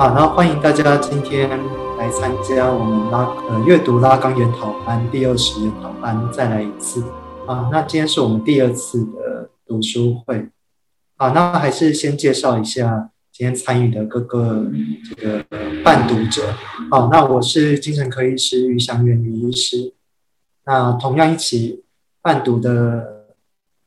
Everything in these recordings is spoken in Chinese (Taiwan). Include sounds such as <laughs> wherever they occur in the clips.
好，那歡迎大家今天來參加我們拉呃閱讀拉岡研討班第二十研討班再來一次啊。那今天是我們第二次的讀書會啊。那還是先介紹一下今天參與的各個這個伴讀者啊。那我是精神科醫師俞翔元、俞醫師。那同樣一起伴讀的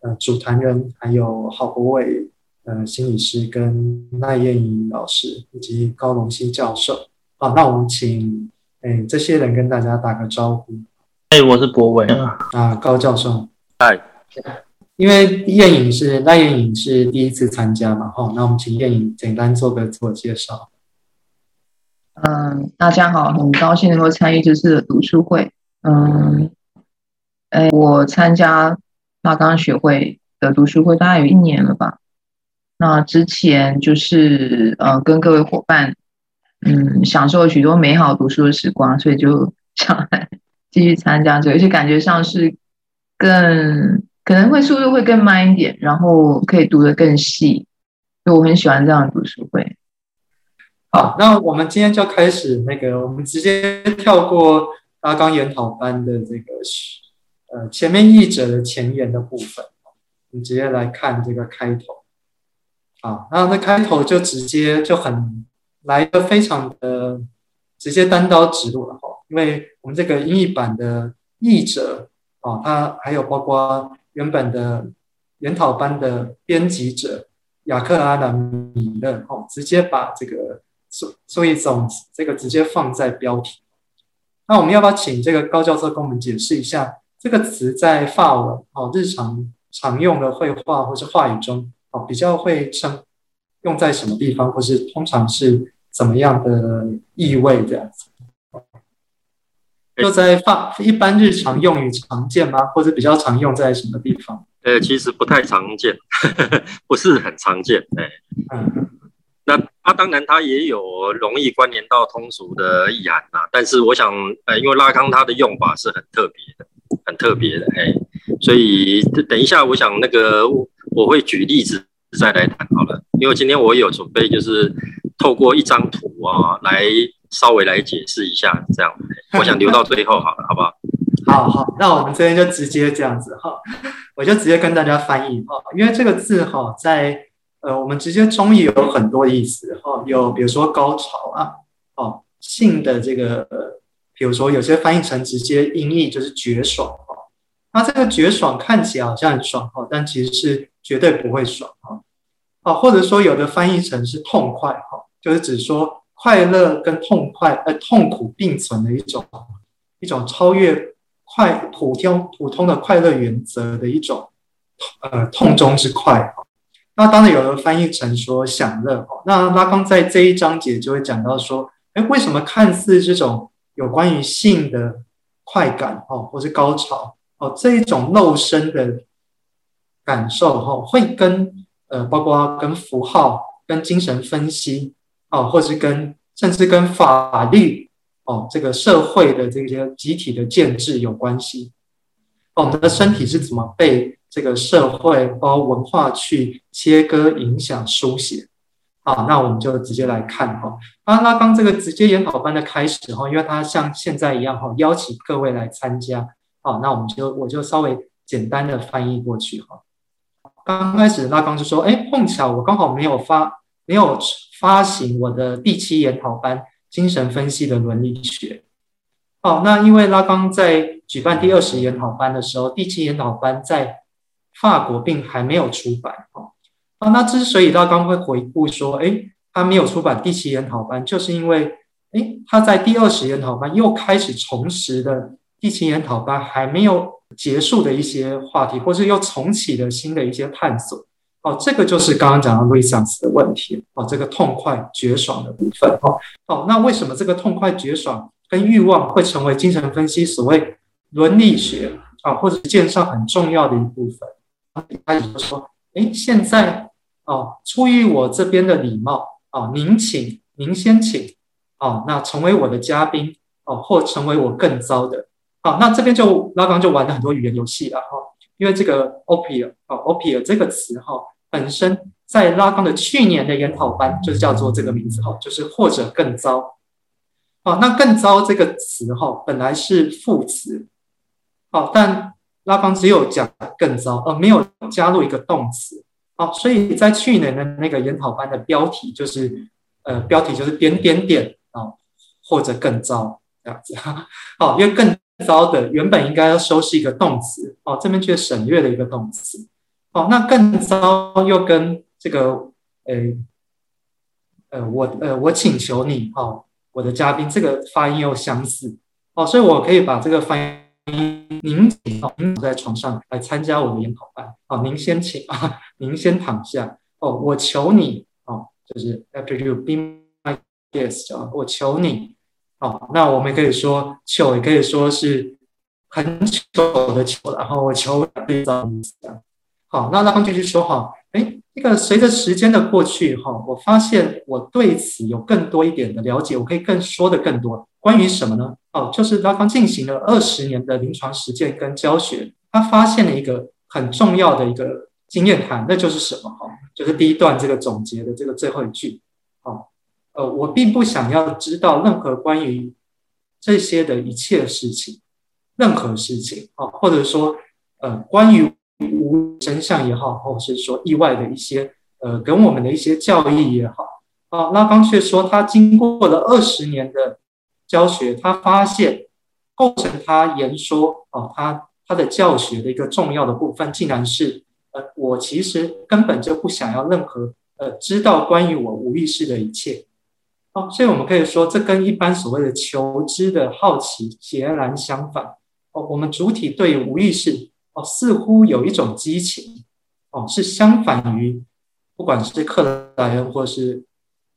呃漫談人還有郝柏瑋。呃，心理師跟賴彥穎老師以及高榮禧教授，好，啊，那我們請哎、欸、這些人跟大家打個招呼。哎、欸，我是柏瑋啊，高教授，嗨 Hi。因為彥穎是賴彥穎是第一次參加嘛，哈，那我們請彥穎簡單做個自我介紹。嗯，大家好，很高興能夠參與這次的讀書會。嗯，哎、欸，我參加拉岡學會的讀書會大概有一年了吧。那之前就是呃，跟各位夥伴嗯，享受許多美好讀書的時光，所以就想來繼續參加這個，而且感覺上是更可能會速度會更慢一點，然後可以讀得更細，就我很喜歡這樣讀書會。好，那我們今天就開始那個，我們直接跳過拉岡研討班的這個呃前面譯者的前言的部分，我們直接來看這個開頭。啊，那那開頭就直接就很來一個非常的直接單刀直入了哈，因為我們這個英譯版的譯者啊，他還有包括原本的研討班的編輯者雅克阿蘭米勒哈，直接把這個做做一總，這個直接放在標題。那我們要不要請這個高教授跟我們解釋一下這個詞在法文哦日常常用的繪畫或是話語中？比較會像用在什麼地方，或是通常是怎麼樣的意味的？就在放一般日常用語常見嗎？或者比較常用在什麼地方？呃、欸，其實不太常見，呵呵不是很常見。哎、欸，嗯，那它當然它也有容易關聯到通俗的意涵吶。但是我想，呃、欸，因為拉康他的用法是很特別的，很特別的。哎、欸，所以等一下，我想那個。我會舉例子再來談好了，因為今天我有準備，就是透過一張圖啊，來稍微來解釋一下這樣。我想留到最後好了， <laughs> 好不好？好好，那我們這邊就直接這樣子哈，我就直接跟大家翻譯哦，因為這個字哈，在呃，我們直接中譯有很多意思哈，有比如說高潮啊，哦，性的這個，比如說有些翻譯成直接音譯就是絕爽那這個“絕爽”看起來好像很爽哈，但其實是絕對不會爽哈。啊，或者說有的翻譯成是“痛快”哈，就是指說快樂跟痛快呃痛苦並存的一種一種超越快普通普通的快樂原則的一種呃痛中之快哈。那當然有的翻譯成說享樂哈。那拉康在這一章節就會講到說，哎，為什麼看似這種有關於性的快感哈，或是高潮？哦，這一種肉身的感受，哈，會跟呃，包括跟符號、跟精神分析，哦，或是跟甚至跟法律，哦，這個社會的這些集體的建制有關係。我們的身體是怎麼被這個社會包括文化去切割、影響、書寫？好、哦，那我們就直接來看哈。哦啊、那剛當這個直接研討班的開始，哈、哦，因為他像現在一樣，哈、哦，邀請各位來參加。好，那我們就我就稍微簡單的翻譯過去哈。剛開始拉岡就說：“哎，碰巧我剛好沒有發沒有發行我的第七研討班《精神分析的倫理學》。”哦，那因為拉岡在舉辦第二十研討班的時候，第七研討班在法國並還沒有出版哦。那之所以拉岡會回顧說：“哎，他沒有出版第七研討班，就是因為誒、哎、他在第二十研討班又開始重拾的。”疫情研討班還沒有結束的一些話題，或是又重啟了新的一些探索。哦，這個就是剛剛講到 Jouissance 的問題。哦，這個痛快絕爽的部分哦。哦，那為什麼這個痛快絕爽跟慾望會成為精神分析所謂倫理學啊、哦，或者介上很重要的一部分？他就是說，哎，現在哦，出於我這邊的禮貌，啊、哦，您請，您先請。哦，那成為我的嘉賓，哦，或成為我更糟的。好，那這邊就拉岡就玩了很多語言遊戲了哈，因為這個 ou pire 哦 ou pire 這個詞哈，本身在拉岡的去年的研討班就是叫做這個名字哈，就是或者更糟。好，那“更糟”這個詞哈，本來是副詞，好，但拉岡只有講“更糟”而沒有加入一個動詞。好，所以在去年的那個研討班的標題就是，呃，標題就是點點點哦，或者更糟這樣子。好，因為更。糟的，原本應該要修飾一個動詞哦，這邊卻省略了一個動詞哦。那更糟，又跟這個呃呃，我呃，我請求你哦，我的嘉賓，這個發音又相似哦，所以我可以把這個發音您，您躺在床上來參加我的研討班，哦，您先請啊，您先躺下哦。我求你哦，就是 After you, be my guest 啊、哦，我求你。好，那我們也可以說球，也可以說是很久的球，然後球可好，那拉岡繼續說哈，哎、欸，那個隨着時間的過去哈，我發現我對此有更多一點的了解，我可以更說的更多。關於什麼呢？哦，就是拉岡進行了二十年的臨床實踐跟教學，他發現了一個很重要的一個經驗談，那就是什麼哈？就是第一段這個總結的這個最後一句。呃，我並不想要知道任何關於這些的一切事情，任何事情啊，或者說，呃，關於無真相也好，或者是說意外的一些，呃，跟我們的一些教義也好，啊，拉岡卻說他經過了二十年的教學，他發現構成他言說啊，他他的教學的一個重要的部分，竟然是，呃，我其實根本就不想要任何，呃，知道關於我無意識的一切。哦，所以我們可以說，這跟一般所謂的求知的好奇截然相反。哦，我們主體對於無意識，哦，似乎有一種激情，哦，是相反於，不管是克萊恩或是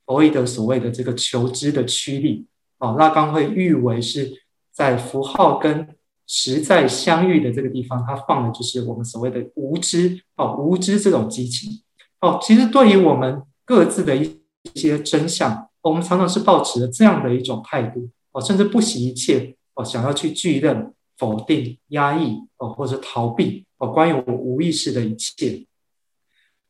佛洛伊德所謂的這個求知的驅力。哦，拉岡會譽為是在符號跟實在相遇的這個地方，他放的就是我們所謂的無知。哦，無知這種激情。哦，其實對於我們各自的一些真相。我們常常是抱持着這樣的一種態度，哦、甚至不惜一切、哦、想要去拒認、否定、壓抑哦，或者逃避哦，關於我無意識的一切。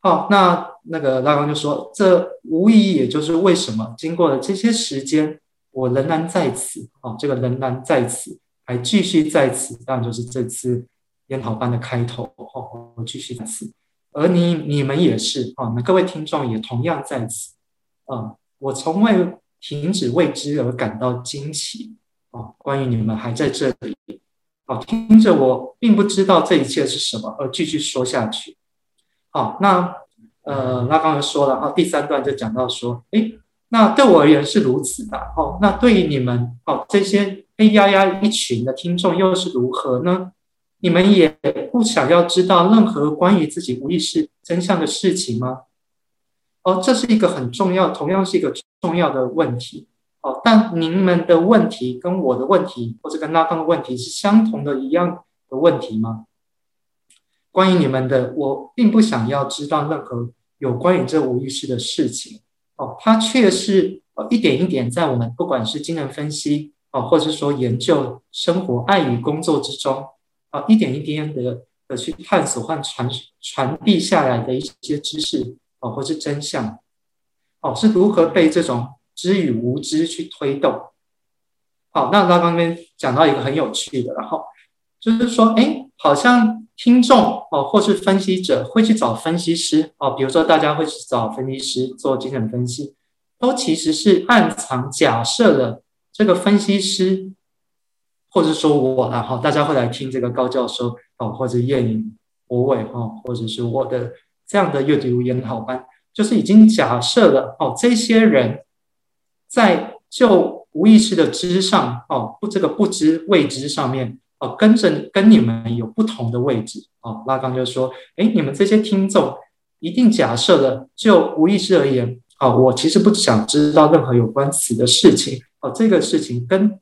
好、哦，那那個拉岡就說，這無疑也就是為什麼經過了這些時間，我仍然在此哦，這個仍然在此，還繼續在此。當然，就是這次研討班的開頭哦，我繼續在此，而你你們也是那、哦、各位聽眾也同樣在此啊。哦我從未停止為之而感到驚奇哦，關於你們還在這裡哦，聽着我，並不知道這一切是什麼，而繼續說下去。好、哦，那呃，那剛才說了哈、哦，第三段就講到說，誒，那對我而言是如此的哦，那對於你們哦這些黑壓壓一群的聽眾又是如何呢？你們也不想要知道任何關於自己無意識真相的事情嗎？哦，這是一個很重要，同樣是一個重要的問題。哦，但您們的問題跟我的問題，或者跟拉岡的問題是相同的、一樣的問題嗎？關於你們的，我並不想要知道任何有關於這無意識的事情。哦，它確實呃一點一點在我們不管是精神分析，哦，或者說研究生活、愛與工作之中，啊、哦，一點一點的的去探索和傳傳遞下來的一些知識。哦，或是真相，哦，是如何被這種知與無知去推動？好，哦，那拉岡那邊講到一個很有趣的，然後就是說，哎，好像聽眾哦，或是分析者會去找分析師哦，比如說大家會去找分析師做精神分析，都其實是暗藏假設的這個分析師，或者是說我，然後大家會來聽這個高教授哦，或者彥穎、柏瑋哈，或者是我的。這樣的閱讀研討班，就是已經假設了哦，這些人在就無意識的知上哦，不這個不知未知上面哦，跟着跟你們有不同的位置哦。拉岡就說：“哎，你們這些聽眾一定假設了，就無意識而言，哦，我其實不想知道任何有關此的事情哦，這個事情跟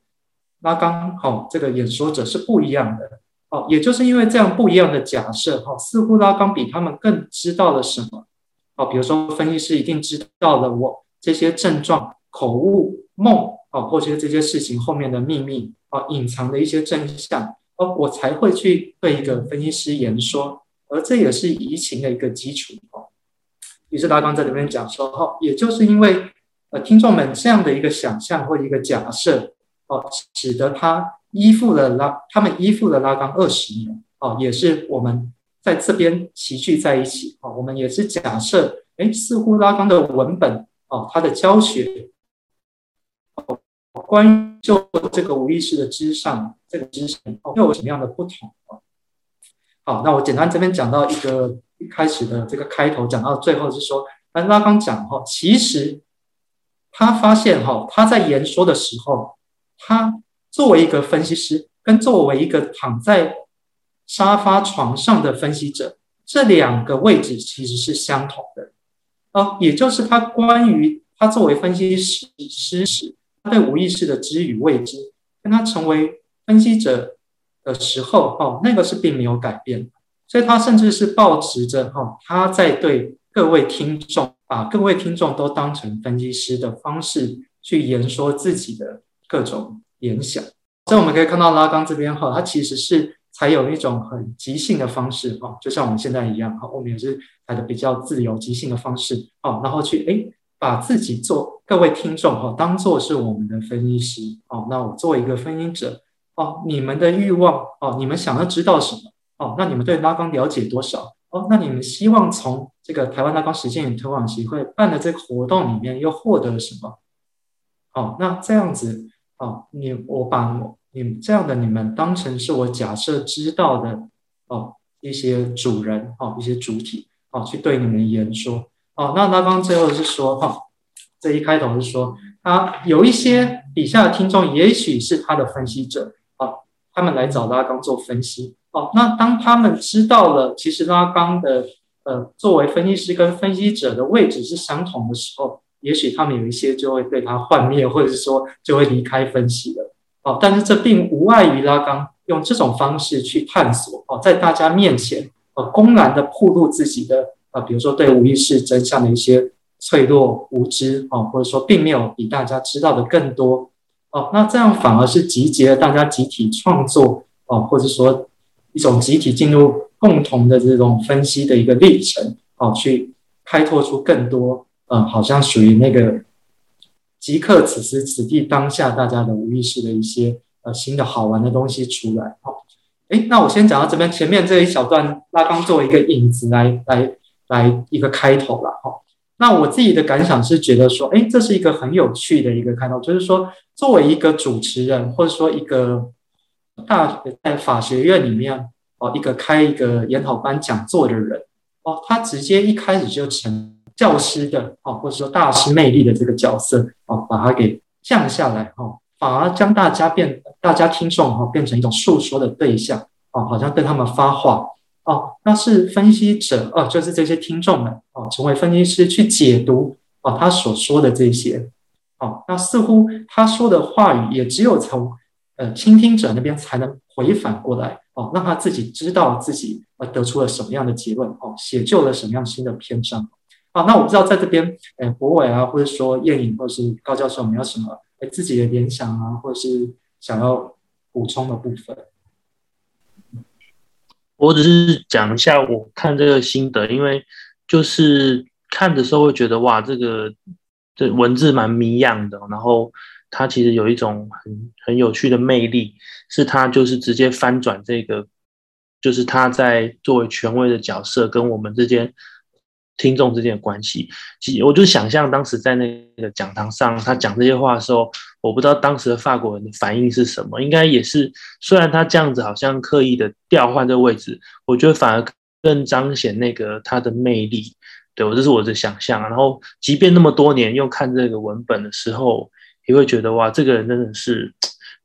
拉岡哦這個演說者是不一樣的。”哦，也就是因為這樣不一樣的假設，哈，似乎拉岡比他們更知道了什麼，哦，比如說分析師一定知道了我這些症狀、口誤、夢，哦，或者這些事情後面的秘密，哦，隱藏的一些真相，哦，我才會去對一個分析師言說，而這也是移情的一個基礎，哦。於是拉岡在裡面講說，哈，也就是因為呃聽眾們這樣的一個想象或一個假設，哦，使得他。依附了拉，他們依附了拉岡二十年啊，也是我們在這邊齊聚在一起啊。我們也是假設，誒，似乎拉岡的文本啊，他的教學哦，關於就這個無意識的之上這個知識，又有什麼樣的不同啊？好，那我簡單這邊講到一個一開始的這個開頭，講到最後就是說，拉岡講哈，其實他發現哈，他在言說的時候，他，作為一個分析師，跟作為一個躺在沙發床上的分析者，這兩個位置其實是相同的。哦，也就是他關於他作為分析師時，他對無意識的知與未知，跟他成為分析者的時候，哦，那個是並沒有改變。所以，他甚至是保持着哈，他在對各位聽眾，把各位聽眾都當成分析師的方式去言說自己的各種。聯想，所以我們可以看到拉岡這邊哈，它其實是採用一種很即興的方式哈，就像我們現在一樣哈，我們也是採的比較自由即興的方式哦，然後去哎把自己做各位聽眾哈，當作是我們的分析師哦，那我作為一個分析者哦，你們的慾望哦，你們想要知道什麼哦，那你們對拉岡了解多少哦，那你們希望從這個台灣拉岡實踐與推廣協會辦的這個活動裡面又獲得了什麼？哦，那這樣子。哦，你我把你這樣的你們當成是我假設知道的哦，一些主人哦，一些主體哦，去對你們言說哦。那拉岡最後是說哈、哦，這一開頭是說啊，有一些底下的聽眾，也許是他的分析者啊、哦，他們來找拉岡做分析哦。那當他們知道了，其實拉岡的呃，作為分析師跟分析者的位置是相同的時候。也許他們有一些就會被他幻滅，或者是說就會離開分析了。哦、啊，但是這並無礙於拉岡用這種方式去探索。哦、啊，在大家面前，呃、啊，公然的暴露自己的，呃、啊，比如說對無意識真相的一些脆弱無知，哦、啊，或者說並沒有比大家知道的更多。哦、啊，那這樣反而是集結了大家集體創作，哦、啊，或者說一種集體進入共同的這種分析的一個歷程，哦、啊，去開拓出更多。嗯、呃，好像屬於那個即刻此時此地當下大家的無意識的一些呃新的好玩的東西出來哦。哎，那我先講到這邊，前面這一小段拉岡作為一個引子來來來一個開頭了哈、哦。那我自己的感想是覺得說，哎，這是一個很有趣的一個開頭，就是說作為一個主持人或者說一個大學在法學院裡面哦一個開一個研討班講座的人哦，他直接一開始就成。教師的啊，或者說大師魅力的這個角色啊，把它給降下來啊，反而將大家變，大家聽眾啊，變成一種訴說的對象啊，好像對他們發話哦，那是分析者啊，就是這些聽眾們啊，成為分析師去解讀啊他所說的這些啊，那似乎他說的話語也只有從呃傾聽者那邊才能回反回返過來哦，讓他自己知道自己啊得出了什麼樣的結論哦，寫就了什麼樣新的篇章。啊、那我不知道在這邊，誒、欸，柏瑋啊，或者說彥穎，或者是高教授，有沒有什麼、欸、自己的聯想啊，或者是想要補充的部分？我只是講一下我看這個心得，因為就是看的時候會覺得哇，這個這文字蠻謎一樣的，然後它其實有一種很很有趣的魅力，是它就是直接翻轉這個，就是它在作為權威的角色跟我們之間。聽眾之間的關係，其實我就想象當時在那個講堂上，他講這些話的時候，我不知道當時的法國人的反應是什麼，應該也是雖然他這樣子好像刻意的調換這個位置，我覺得反而更彰顯那個他的魅力。對我，這是我的想象啊。然後，即便那麼多年又看這個文本的時候，也會覺得哇，這個人真的是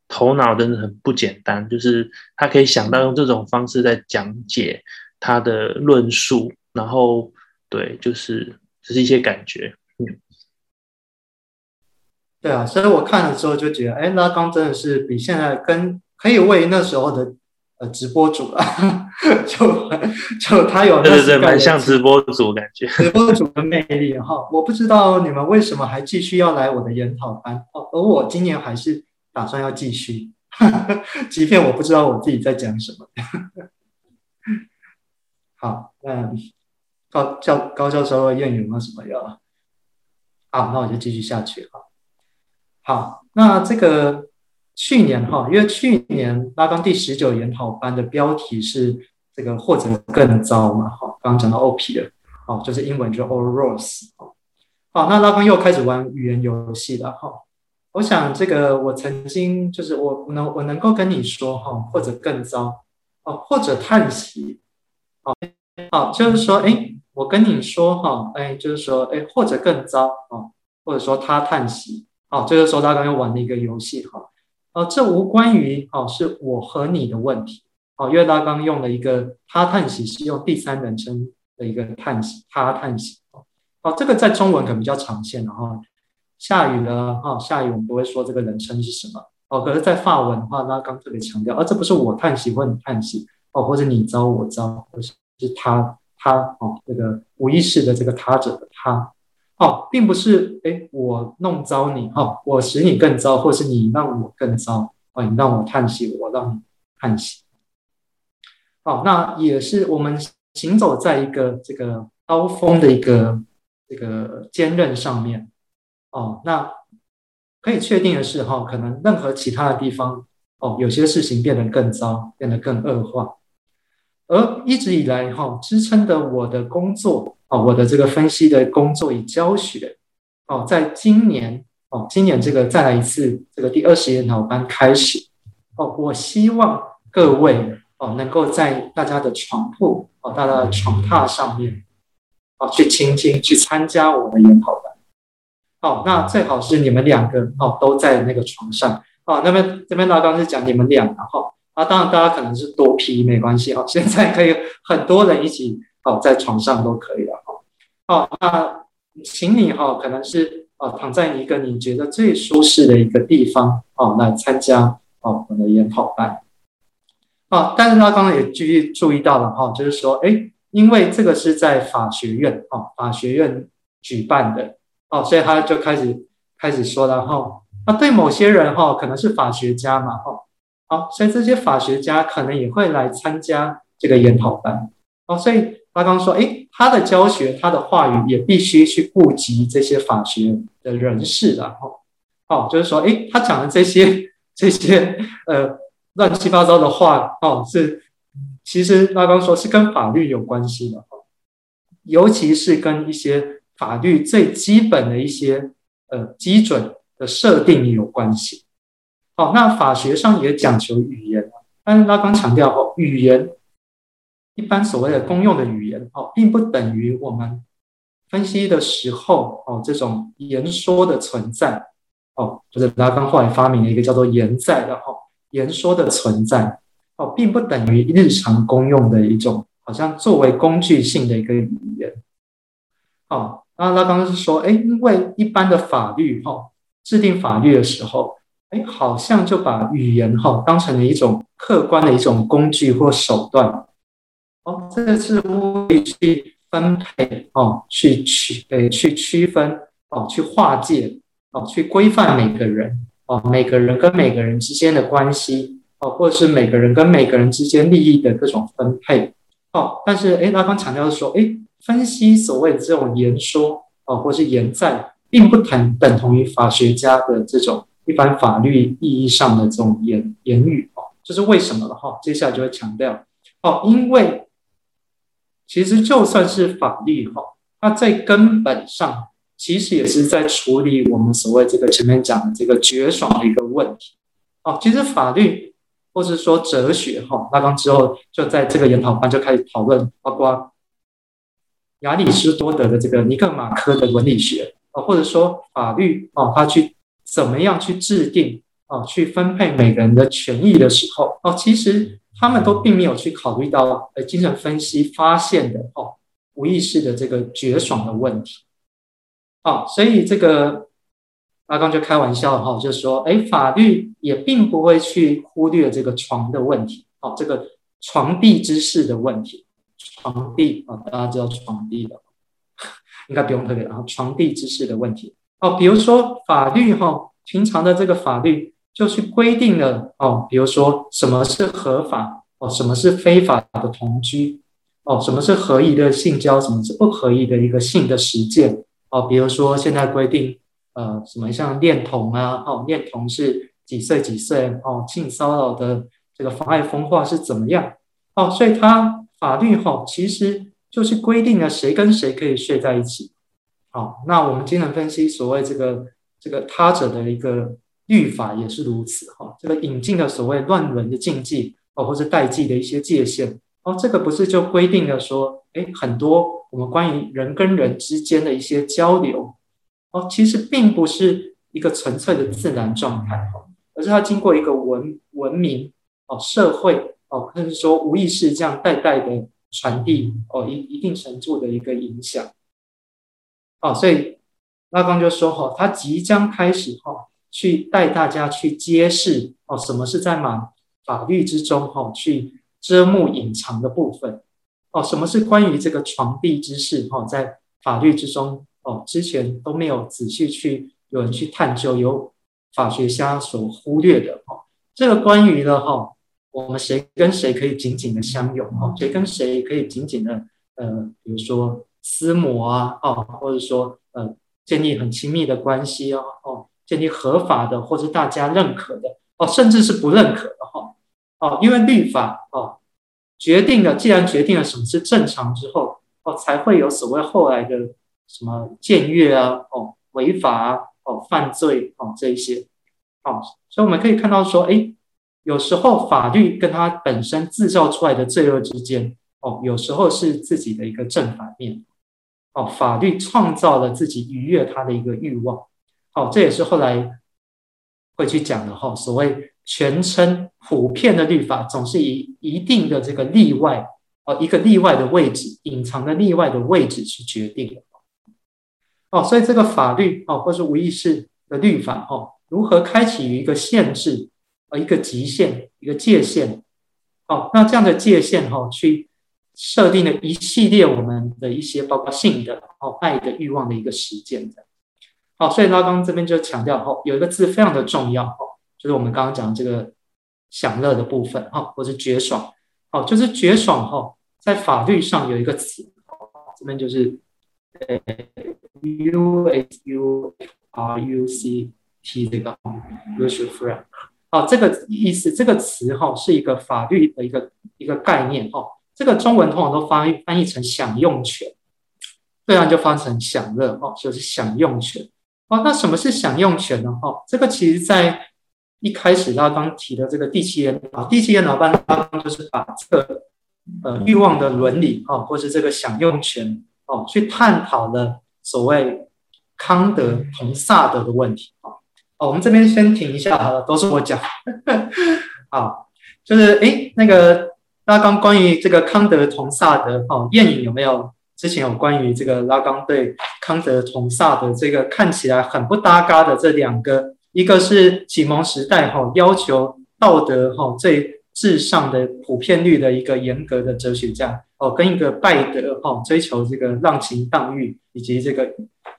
頭腦真的很不簡單，就是他可以想到用這種方式在講解他的論述，然後。對，就是只、就是一些感覺。對啊，所以我看了之後就覺得，哎，拉岡真的是比現在跟可以為那時候的呃直播主了、啊，就就他有那對對對，蠻像直播主感覺，直播主的魅力哈。我不知道你們為什麼還繼續要來我的研討班哦，而我今年還是打算要繼續，即便我不知道我自己在講什麼。好，嗯。高教高教授的諺語有，有什麼要？好，那我就繼續下去哈。好，那這個去年哈，因為去年拉岡第十九研討班的標題是這個，或者更糟嘛？哈，剛剛講到 OP 了，好，就是英文就 or worse，e 好，那拉岡又開始玩語言遊戲了哈。我想這個我曾經就是我能我能夠跟你說哈，或者更糟哦，或者嘆息，哦。好，就是說，哎、欸，我跟你說哈，哎、欸，就是說，哎、欸，或者更糟啊、哦，或者說他嘆息，好、哦，就是說他剛剛玩了一個遊戲哈，啊、哦，這無關於啊、哦，是我和你的問題，好、哦，因為他剛用了一個他嘆息，是用第三人稱的一個嘆息，他嘆息哦，哦，這個在中文可能比較常見了哈。下雨了，哈、哦，下雨我們不會說這個人稱是什麼，哦，可是，在法文的話，那剛特別強調，啊、哦，這不是我嘆息或你嘆息，哦，或者你糟我糟，或者。是他，他哦，這個無意識的這個他者的他哦，並不是，哎，我弄糟你哦，我使你更糟，或是你讓我更糟哦，你讓我嘆息，我讓你嘆息哦，那也是我們行走在一個這個刀鋒的一個這個尖刃上面哦，那可以確定的是哈、哦，可能任何其他的地方哦，有些事情變得更糟，變得更惡化。而一直以來哈、哦，支撐的我的工作啊、哦，我的這個分析的工作與教學，哦，在今年哦，今年這個再來一次這個第二十研討班開始哦，我希望各位哦，能夠在大家的床鋪哦，大家的床榻上面哦，去傾聽去參加我的研討班。好、哦，那最好是你們兩個哦，都在那個床上啊、哦。那邊這邊剛才講你們倆哈。哦啊，當然，大家可能是多批沒關係啊。現在可以很多人一起哦、啊，在床上都可以了哈。哦、啊，那、啊、請你哦、啊，可能是哦、啊，躺在一個你覺得最舒適的一個地方哦、啊，來參加哦，我們的研討班。啊，但是他剛剛也注意注意到了哈、啊，就是說，哎，因為這個是在法學院哈、啊，法學院舉辦的哦、啊，所以他就開始開始說了哈、啊。那對某些人哈、啊，可能是法學家嘛哈。啊好，所以這些法學家可能也會來參加這個研討班。哦，所以拉岡說，誒，他的教學，他的話語也必須去顧及這些法學的人士的哦。哦，就是說，誒，他講的這些這些呃亂七八糟的話哦，是其實拉岡說是跟法律有關係的哦，尤其是跟一些法律最基本的一些呃基準的設定也有關係。好，那法學上也講求語言，但是拉岡強調哦，語言一般所謂的公用的語言哦，並不等於我們分析的時候哦，這種言說的存在哦，就是拉岡後來發明了一個叫做言在的哦，言說的存在哦，並不等於日常公用的一種，好像作為工具性的一個語言。好，那拉岡是說，哎，因為一般的法律哦，制定法律的時候。哎，好像就把語言哈、哦、當成了一種客觀的一種工具或手段。哦，這個是去分配哦，去區呃去，去區分哦，去劃界哦，去規範每個人哦，每個人跟每個人之間的關係哦，或者是每個人跟每個人之間利益的各種分配哦。但是哎，拉岡強調的說，哎，分析所謂的這種言說哦，或是言在，並不等等同於法學家的這種。一般法律意義上的這種言言語哦，這、就是為什麼了哈？接下來就會強調，哦，因為其實就算是法律哈，那在根本上其實也是在處理我們所謂這個前面講的這個絕爽的一個問題。哦，其實法律或者說哲學哈，那剛之後就在這個研討班就開始討論，包括亞里士多德的這個《尼各馬可》的倫理學啊，或者說法律啊，他去。怎麼樣去制定啊、哦？去分配每個人的權益的時候，啊、哦，其實他們都並沒有去考慮到，哎，精神分析發現的哦，無意識的這個絕爽的問題。啊、哦，所以這個拉岡，剛就開玩笑哈、哦，就說，哎，法律也並不會去忽略這個床的問題，啊、哦，這個床笫之事的問題，床笫，啊、哦，大家知道床笫的，應該不用特別啊，床笫之事的問題。哦，比如說法律哈、哦，平常的這個法律就是規定了哦，比如說什麼是合法哦，什麼是非法的同居哦，什麼是合意的性交，什麼是不合意的一個性的實踐哦，比如說現在規定呃什麼像戀童啊哦，戀童是幾歲幾歲哦，性騷擾的這個妨礙風化是怎麼樣哦，所以它法律哈、哦、其實就是規定了誰跟誰可以睡在一起。好，那我們精神分析所謂這個這個他者的一個律法也是如此哈。這個引進的所謂亂倫的禁忌哦，或是代際的一些界限哦，這個不是就規定了說，哎，很多我們關於人跟人之間的一些交流哦，其實並不是一個純粹的自然狀態，而是它經過一個文文明哦、社會哦，或者是說無意識這樣代代的傳遞哦，一一定程度的一個影響。哦，所以拉岡就說：“哈、哦，他即將開始哈、哦，去帶大家去揭示哦，什麼是在馬法律之中哈、哦，去遮目隱藏的部分哦，什麼是關於這個床笫之事哈，在法律之中哦，之前都沒有仔細去有人去探究，有法學家所忽略的哈、哦，這個關於的哈、哦，我們誰跟誰可以緊緊的相擁哈，誰跟誰可以緊緊的呃，比如說。”私摩啊，哦，或者說，呃，建立很親密的關係哦、啊，哦，建立合法的或者大家認可的哦，甚至是不認可的哈，哦，因為律法哦，決定了，既然決定了什麼是正常之後，哦，才會有所謂後來的什麼僭越啊，哦，違法、啊、哦，犯罪、啊，哦，犯罪啊、哦，這一些，哦，所以我們可以看到說，哎，有時候法律跟它本身製造出來的罪惡之間，哦，有時候是自己的一個正反面。哦，法律創造了自己逾越他的一個慾望。哦，這也是後來會去講的哈。所謂全稱普遍的律法，總是以一定的這個例外啊，一個例外的位置，隱藏的例外的位置去決定的。哦，所以這個法律哦，或是無意識的律法哦，如何開啟於一個限制啊，一個極限，一個界限？哦，那這樣的界限哈，去。設定了一系列我們的一些包括性的哦愛的欲望的一個實踐的，好、哦，所以他剛剛這邊就強調哈，有一個字非常的重要哈、哦，就是我們剛剛講這個享樂的部分哈、哦，或是絕爽，好、哦，就是絕爽哈、哦，在法律上有一個詞、哦，這邊就是呃，u s u r u c t 這個 u s f r e 好，這個意思這個詞哈、哦、是一個法律的一個一個概念哈。哦這個中文通常都翻譯翻譯成“享用權”，這樣就翻成“享樂”哦，就是“享用權”哦。那什麼是“享用權”呢？哦，這個其實，在一開始他剛提的這個第七研啊，第七研討班就是把這個呃欲望的倫理哦，或是這個“享用權”哦，去探討了所謂康德同薩德的問題哦，我們這邊先停一下好了，都是我講 <laughs> 好，就是誒那個。拉岡關於這個康德同薩德哦，諺語有沒有之前有關於這個拉岡對康德同薩德這個看起來很不搭嘎的這兩個，一個是啟蒙時代哈、哦、要求道德哈、哦、最至上的普遍律的一個嚴格的哲學家哦，跟一個拜德哈、哦、追求這個浪情盪欲以及這個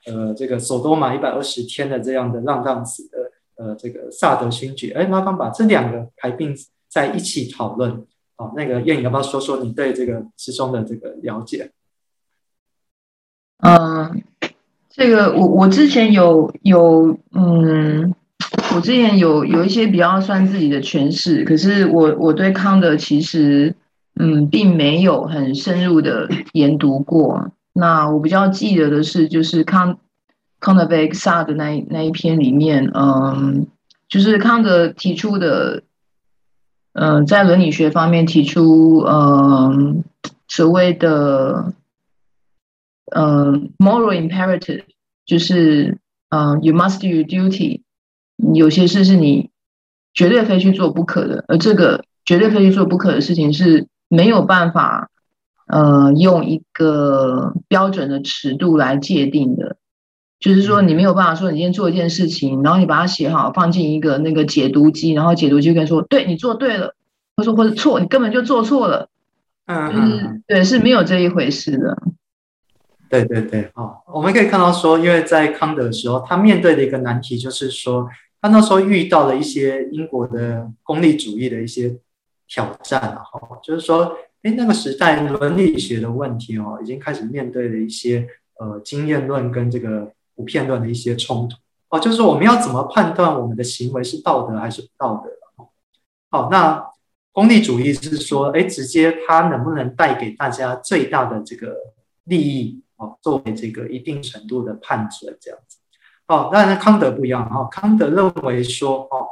呃這個索多瑪一百二十天的這樣的浪蕩子的呃這個薩德勳爵，哎，拉岡把這兩個排並在一起討論。哦，那個彥穎，你要不要說說你對這個師兄的這個了解？嗯，這個我我之前有有嗯，我之前有有一些比較算自己的詮釋，可是我我對康德其實嗯，並沒有很深入的研讀過。那我比較記得的是，就是康康德貝克薩的那那一篇裡面，嗯，就是康德提出的。嗯、呃，在倫理學方面提出，嗯、呃，所謂的，嗯、呃、，moral imperative，就是，嗯、呃、，you must do your duty，有些事是你絕對非去做不可的，而這個絕對非去做不可的事情是沒有辦法，呃，用一個標準的尺度來界定的。就是說，你沒有辦法說你今天做一件事情，嗯、然後你把它寫好，放進一個那個解讀機，然後解讀機就跟你說，對，你做對了，或者或者錯，你根本就做錯了。嗯、就是、對，是沒有這一回事的。對對對，好、哦，我們可以看到說，因為在康德的時候，他面對的一個難題就是說，他那時候遇到了一些英國的功利主義的一些挑戰，然後，就是說，哎，那個時代倫理學的問題哦，已經開始面對了一些呃經驗論跟這個。片段的一些衝突哦，就是我們要怎麼判斷我們的行為是道德還是不道德哦，好，那功利主義是說，哎、欸，直接它能不能帶給大家最大的這個利益？哦，作為這個一定程度的判斷，這樣子。哦，當然康德不一樣哈、哦，康德認為說，哦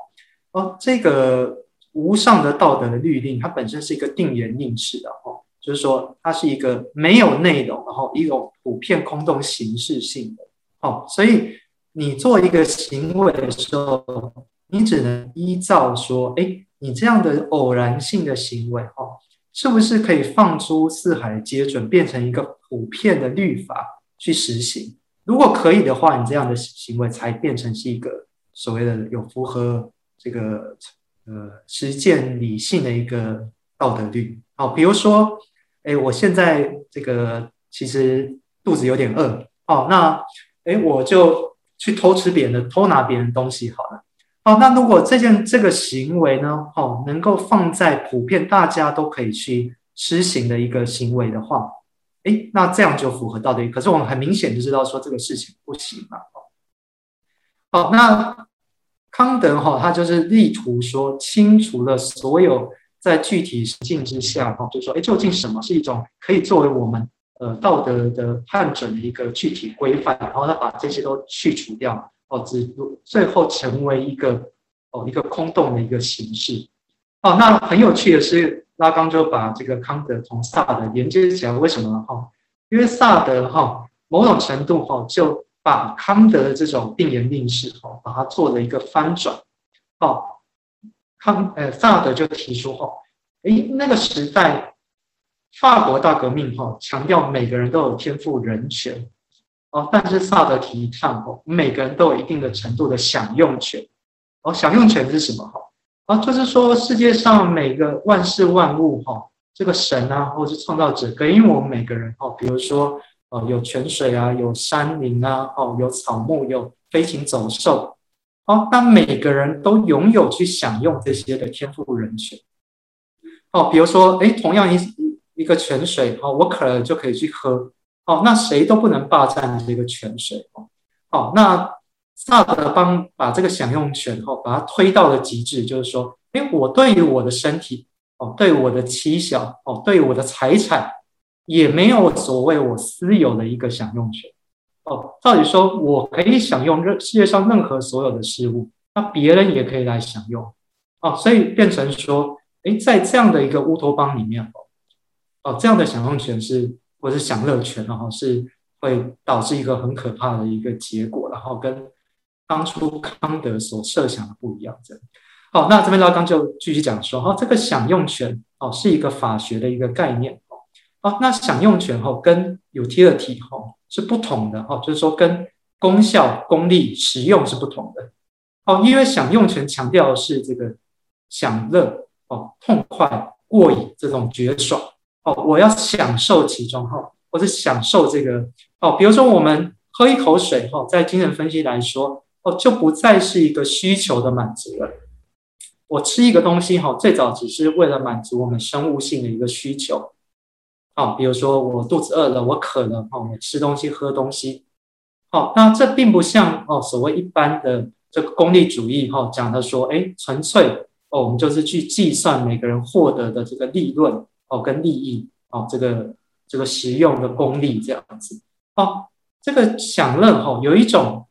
哦，這個無上的道德的律令，它本身是一個定言令式的哦，就是說，它是一個沒有內容，然後一種普遍空洞形式性的。哦，所以你做一個行為的時候，你只能依照說，哎，你這樣的偶然性的行為，哦，是不是可以放諸四海皆準，變成一個普遍的律法去實行？如果可以的話，你這樣的行為才變成是一個所謂的有符合這個呃實踐理性的一個道德律。好、哦，比如說，哎，我現在這個其實肚子有點餓，哦，那。誒，我就去偷吃別人的，偷拿別人的東西好了。好、哦，那如果這件這個行為呢，哈、哦，能夠放在普遍大家都可以去施行的一個行為的話，誒，那這樣就符合道德。可是我們很明顯就知道說這個事情不行了哦。好，那康德哈、哦，他就是力圖說，清除了所有在具體性之下哈，就說誒，究竟什麼是一種可以作為我們。呃，道德的判準的一個具體規範，然後他把這些都去除掉，哦，只最後成為一個哦一個空洞的一個形式。哦，那很有趣的是，拉岡就把這個康德和薩德連接起來，為什麼哈、哦？因為薩德哈、哦、某種程度哈、哦、就把康德的這種定言令式哈、哦，把它做了一個翻轉。哦，康呃薩德就提出哈、哦，誒，那個時代。法國大革命哈、哦、強調每個人都有天賦人權哦，但是薩德提倡哦，每個人都有一定的程度的享用權哦，享用權是什麼哈？哦，就是說世界上每個萬事萬物哈、哦，這個神啊或是創造者給予我們每個人哦，比如說哦有泉水啊，有山林啊，哦有草木，有飛禽走獸哦，但每個人都擁有去享用這些的天賦人權哦，比如說哎，同樣一。一個泉水哦，我渴了就可以去喝哦。那誰都不能霸占這個泉水哦。好，那薩德邦把這個享用權哦，把它推到了極致，就是說，誒，我對於我的身體哦，對我的妻小哦，對我的財產，也沒有所謂我私有的一個享用權哦。照理說，我可以享用任世界上任何所有的事物，那別人也可以來享用哦。所以變成說，誒，在這樣的一個烏托邦裡面哦。哦，這樣的享用權是，或是享樂權的、哦、是會導致一個很可怕的一個結果，然、哦、後跟當初康德所設想的不一樣。這好、哦，那這邊老剛就繼續講說，哦，這個享用權哦，是一個法學的一個概念哦。好，那享用權哦，跟有 t 的題哦是不同的哦，就是說跟功效、功利、實用是不同的哦，因為享用權強調的是這個享樂哦，痛快、過癮這種絕爽。哦、我要享受其中，哈、哦，我是享受這個哦。比如說，我們喝一口水，哈、哦，在精神分析來說，哦，就不再是一個需求的滿足了。我吃一個東西，哈、哦，最早只是為了滿足我們生物性的一個需求。哦、比如說我肚子餓了，我渴了，哦、我吃東西喝東西，好、哦，那這並不像哦，所謂一般的這個功利主義，哈、哦，講的說，誒、純粹、哦、我們就是去計算每個人獲得的這個利潤。哦，跟利益哦，這個這個實用的功利這樣子哦，這個享樂哦，有一種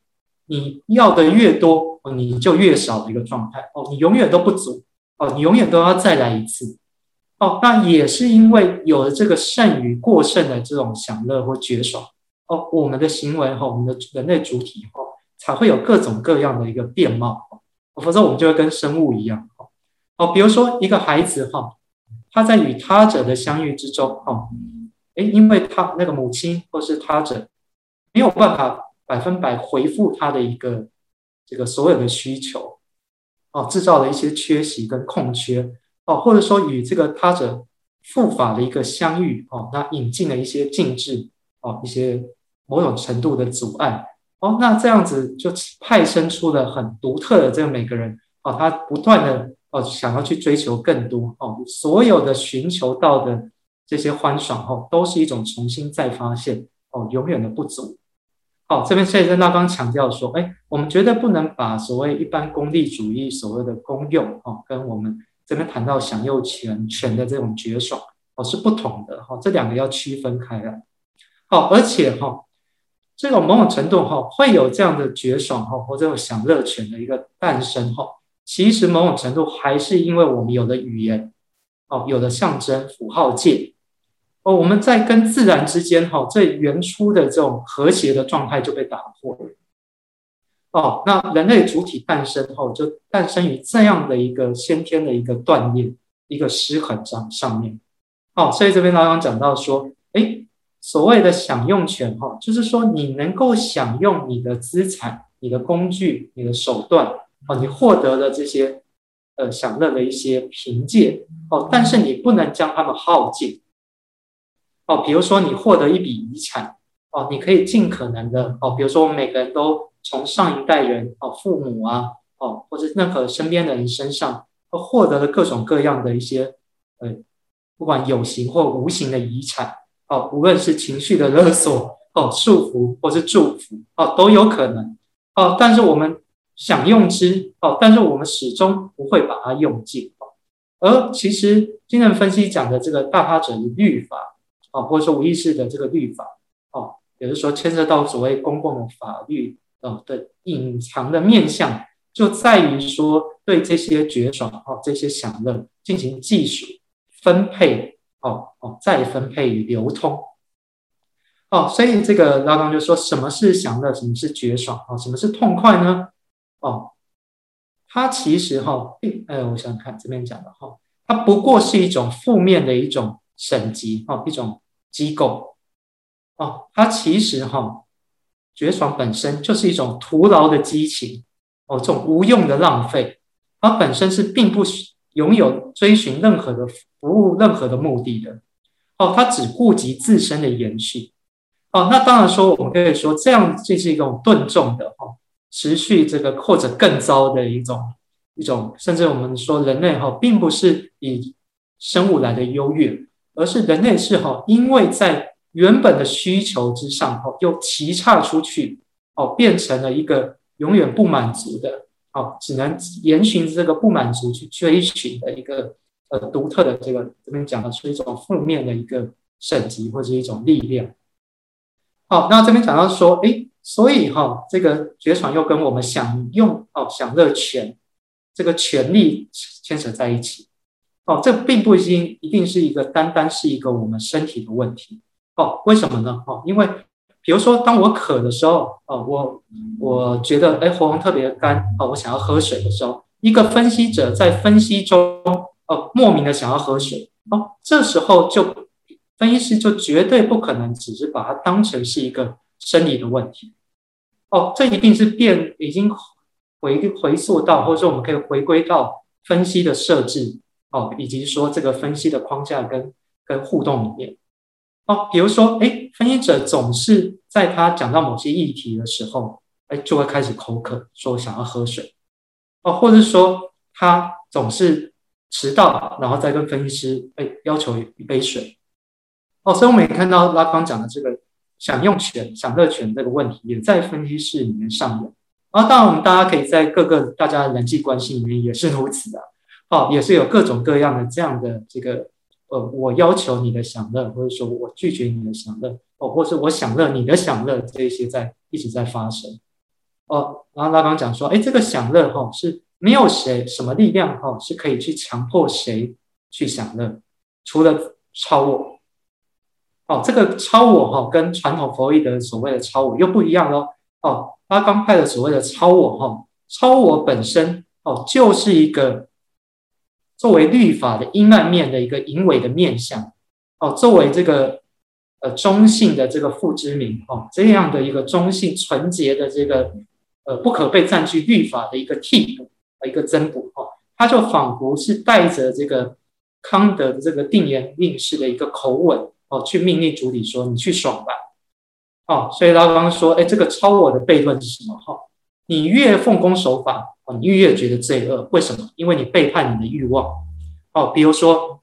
你要的越多，哦，你就越少的一個狀態哦，你永遠都不足哦，你永遠都要再來一次哦，那也是因為有了這個剩餘過剩的這種享樂或絕爽哦，我們的行為哈、哦，我們的人類主體哈、哦，才會有各種各樣的一個面貌否則，哦、我們就會跟生物一樣哦，哦，比如說一個孩子哈。哦他在與他者的相遇之中，哦，哎，因為他那個母親或是他者沒有辦法百分百回復他的一個這個所有的需求，哦，制造了一些缺席跟空缺，哦，或者說與這個他者父法的一個相遇，哦，那引進了一些禁制，哦，一些某種程度的阻礙，哦，那這樣子就派生出了很獨特的這個每個人，哦，他不斷的。哦，想要去追求更多哦，所有的尋求到的這些歡爽哦，都是一種重新再發現哦，永遠的不足。好，哦，這邊謝在道剛強調說，哎，我們絕對不能把所謂一般功利主義所謂的功用哦，跟我們這邊談到享用權權的這種絕爽哦是不同的哈，哦，這兩個要區分開了。好，哦，而且哈，哦，這種某種程度哈，哦，會有這樣的絕爽哈，哦，或者有享樂權的一個誕生哈。哦其實某種程度還是因為我們有了語言，哦，有了象徵符號界，哦，我們在跟自然之間，哈，最原初的這種和諧的狀態就被打破了哦，那人類主體誕生後，就誕生於這樣的一個先天的一個斷裂，一個失衡上上面，哦，所以這邊剛剛講到說，哎，所謂的享用權，哈，就是說你能夠享用你的資產、你的工具、你的手段。哦，你獲得了這些，呃，享樂的一些憑借哦，但是你不能將它們耗盡哦。比如說，你獲得一筆遺產哦，你可以儘可能的哦。比如說，我們每個人都從上一代人哦，父母啊哦，或者任何身邊的人身上都獲得了各種各樣的一些呃，不管有形或無形的遺產哦，無論是情緒的勒索哦、束縛或是祝福哦，都有可能哦，但是我們。享用之哦，但是我們始終不會把它用盡哦。而其實精神分析講的這個大他者的律法哦，或者說無意識的這個律法哦，也就是說牽涉到所謂公共的法律哦的隱藏的面向，就在於說對這些絕爽哦，這些享樂進行計數、分配哦哦、再分配與流通哦。所以這個拉岡就說：什麼是享樂？什麼是絕爽？哦，什麼是痛快呢？哦，它其實哈、哦，哎，我想看這邊講的哈、哦，它不過是一種負面的一種審級哦，一種機構哦，它其實哈、哦，絕爽本身就是一種徒勞的激情哦，這種無用的浪費，它本身是並不擁有追尋任何的服務、任何的目的的哦，他只顧及自身的延續哦，那當然說，我們可以說這樣這是一種頓重的哈、哦。持續這個或者更糟的一種一種，甚至我們說人類哈、哦，並不是以生物來的優越，而是人類是哈、哦，因為在原本的需求之上哈、哦，又奇岔出去，哦，變成了一個永遠不滿足的哦，只能沿循這個不滿足去追尋的一個呃獨特的這個，這邊講的是一種負面的一個升級或者是一種力量。好，哦，那這邊講到說，誒、欸，所以哈，哦，這個絕爽又跟我們享用哦，享樂權這個權利牽扯在一起，哦，這並不一定一定是一個單單是一個我們身體的問題，哦，為什麼呢？哦，因為比如說當我渴的時候，哦，我我覺得誒喉嚨特別乾，哦，我想要喝水的時候，一個分析者在分析中，哦，呃，莫名的想要喝水，哦，這時候就。分析師就絕對不可能只是把它當成是一個生理的問題哦，這一定是變已經回回溯到，或者說我們可以回歸到分析的設置哦，以及說這個分析的框架跟跟互動裡面哦，比如說哎，分析者總是在他講到某些議題的時候，哎就會開始口渴，說想要喝水哦，或者說他總是遲到，然後再跟分析師哎要求一杯水。哦，所以我們也看到拉康講的這個享用權、享樂權這個問題，也在分析室裡面上演。啊，當然我們大家可以在各個大家的人際關係裡面也是如此的。哦，也是有各種各樣的這樣的這個，呃，我要求你的享樂，或者說我拒絕你的享樂，哦，或是我享樂你的享樂，這一些在一直在發生。哦，然後拉康講說，欸，這個享樂哈，是沒有誰什麼力量哈，是可以去強迫誰去享樂，除了超我。哦，這個超我哈、哦，跟傳統弗洛伊德所謂的超我又不一樣咯。哦，拉康派的所謂的超我哈、哦，超我本身哦，就是一個作為律法的陰暗面的一個淫穢的面相。哦，作為這個呃中性的這個父之名哦，這樣的一個中性純潔的這個呃不可被占據律法的一個替補啊一個增補哦，他就仿佛是帶着這個康德的這個定言令式的一個口吻。哦，去命令主體說你去爽吧，哦，所以他剛剛說，哎，這個超我的悖論是什麼？哈，你越奉公守法，哦，你越,越覺得罪惡，為什麼？因為你背叛你的欲望，哦，比如說，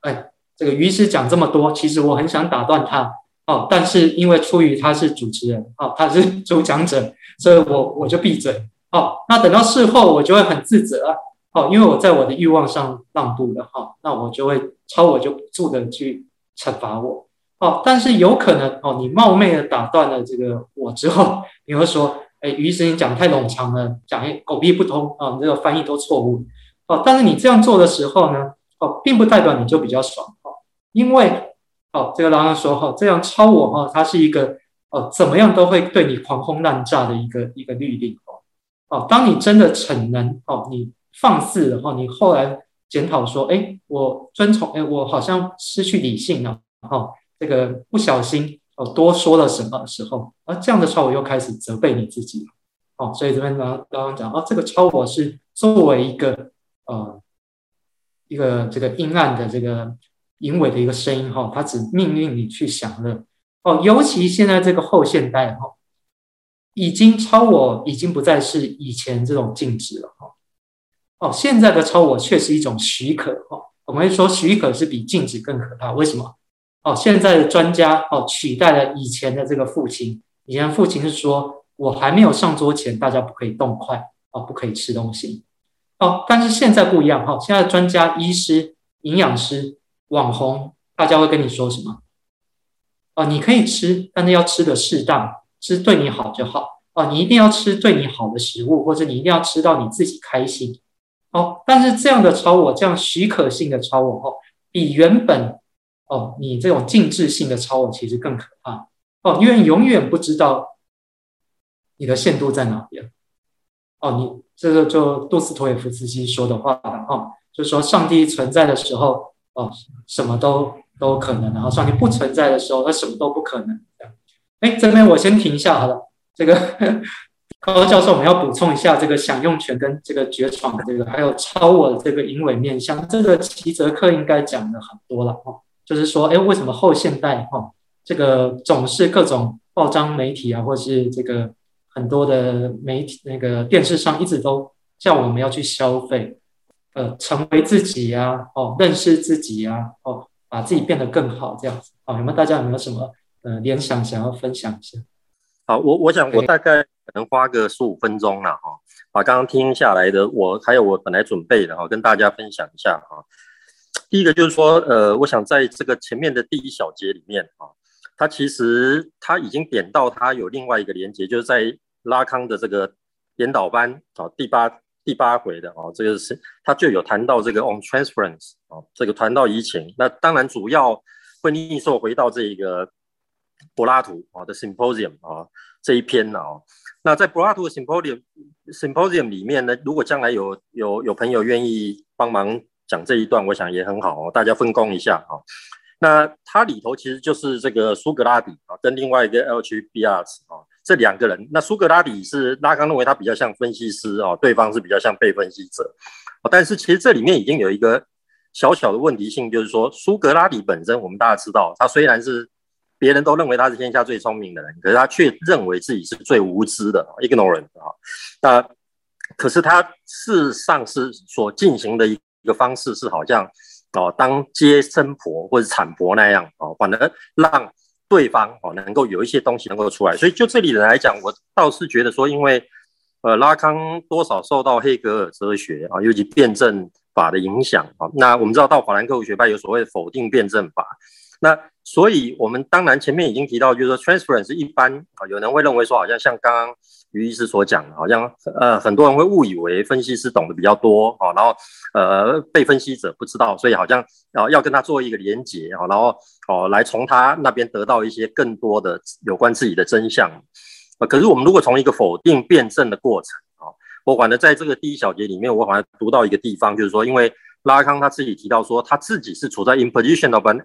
哎，這個俞師講這麼多，其實我很想打斷他，哦，但是因為出於他是主持人，哦，他是主講者，所以我我就閉嘴，哦，那等到事後我就會很自責，哦，因為我在我的欲望上讓步了，哈、哦，那我就會超我就不住的去。懲罰我哦，但是有可能哦，你冒昧的打斷了這個我之後，你會說，哎，俞醫師講太冗長了，講狗屁不通啊，哦，你這個翻譯都錯誤哦。但是你這樣做的時候呢，哦，並不代表你就比較爽哦，因為哦，這個拉岡說哈、哦，這樣超我哈，它是一個哦，怎麼樣都會對你狂轟濫炸的一個一個律令哦哦，當你真的逞能哦，你放肆了哦，你後來。檢討說：“哎、欸，我遵從，哎、欸，我好像失去理性了，哈、哦，這個不小心，哦，多說了什麼時候？而、啊、這樣的超我又開始責備你自己哦，所以這邊剛剛剛講，哦，這個超我是作為一個，呃，一個這個陰暗的這個淫猥的一個聲音，哈、哦，它只命令你去享樂，哦，尤其現在這個後現代，哈、哦，已經超我已經不再是以前這種禁止了，哈、哦。”哦，現在的超我確實一種許可哈、哦。我們會說，許可是比禁止更可怕。為什麼？哦，現在的專家哦取代了以前的這個父親。以前父親是說，我還沒有上桌前，大家不可以動筷，哦，不可以吃東西。哦，但是現在不一樣哈、哦。現在的專家、醫師、營養師、網紅，大家會跟你說什麼？哦，你可以吃，但是要吃得適當，吃對你好就好。哦，你一定要吃對你好的食物，或者你一定要吃到你自己開心。哦，但是這樣的超我，這樣許可性的超我，哦，比原本，哦，你這種禁制性的超我其實更可怕，哦，因為永遠不知道你的限度在哪邊，哦，你這個就杜斯托耶夫斯基說的話了哦，就是說上帝存在的時候，哦，什麼都都可能，然後上帝不存在的時候，他什麼都不可能這樣誒哎，這邊我先停一下，好了，這個。 <laughs> 高高教授，我們要補充一下這個享用權跟這個絕爽的這個，還有超我的這個淫猥面向。這個齊澤克應該講得很多了哈、哦，就是說，哎，為什麼後現代哈、哦，這個總是各種報章媒體啊，或是這個很多的媒體那個電視上一直都叫我們要去消費，呃，成為自己呀、啊，哦，認識自己呀、啊，哦，把自己變得更好這樣子。哦，有沒有大家有沒有什麼呃聯想想要分享一下？好，我我想我大概、嗯。可能花個十五分鐘了、啊、哈，把、啊、剛剛聽下來的我還有我本來準備的哈、啊，跟大家分享一下哈、啊。第一個就是說，呃，我想在這個前面的第一小節裡面啊，他其實他已經點到他有另外一個連接，就是在拉康的這個研討班啊，第八第八回的啊，這個是他就有談到這個 on transference 啊，這個談到移情。那當然主要會逆溯回到這個柏拉圖啊的 symposium 啊。這一篇呢、啊、哦，那在柏拉圖的 Symposium Symposium 裡面呢，如果將來有有有朋友願意幫忙講這一段，我想也很好哦，大家分工一下哈、啊。那它裡頭其實就是這個蘇格拉底啊，跟另外一個 LGBR 啊。啊這兩個人。那蘇格拉底是拉康認為他比較像分析師啊，對方是比較像被分析者。但是其實這裡面已經有一個小小的問題性，就是說蘇格拉底本身，我們大家知道，他雖然是。別人都認為他是天下最聰明的人，可是他卻認為自己是最無知的，ignorant 啊。那、啊、可是他事實上是所進行的一個方式是好像哦、啊、當接生婆或者產婆那樣、啊、反而讓對方哦、啊、能夠有一些東西能夠出來。所以就這裡來講，我倒是覺得說，因為呃拉康多少受到黑格爾哲學啊，尤其辯證法的影響啊。那我們知道到法蘭克福學派有所謂否定辯證法。那所以，我們當然前面已經提到，就是說，transference 是一般啊，有人會認為說，好像像剛剛俞醫師所講的，好像呃，很多人會誤以為分析師懂得比較多啊，然後呃，被分析者不知道，所以好像然後要跟他做一個連結啊，然後哦，來從他那邊得到一些更多的有關自己的真相啊。可是我們如果從一個否定辯證的過程啊，我反正在這個第一小節裡面，我好像讀到一個地方，就是說，因為拉岡他自己提到說，他自己是處在 imposition of an。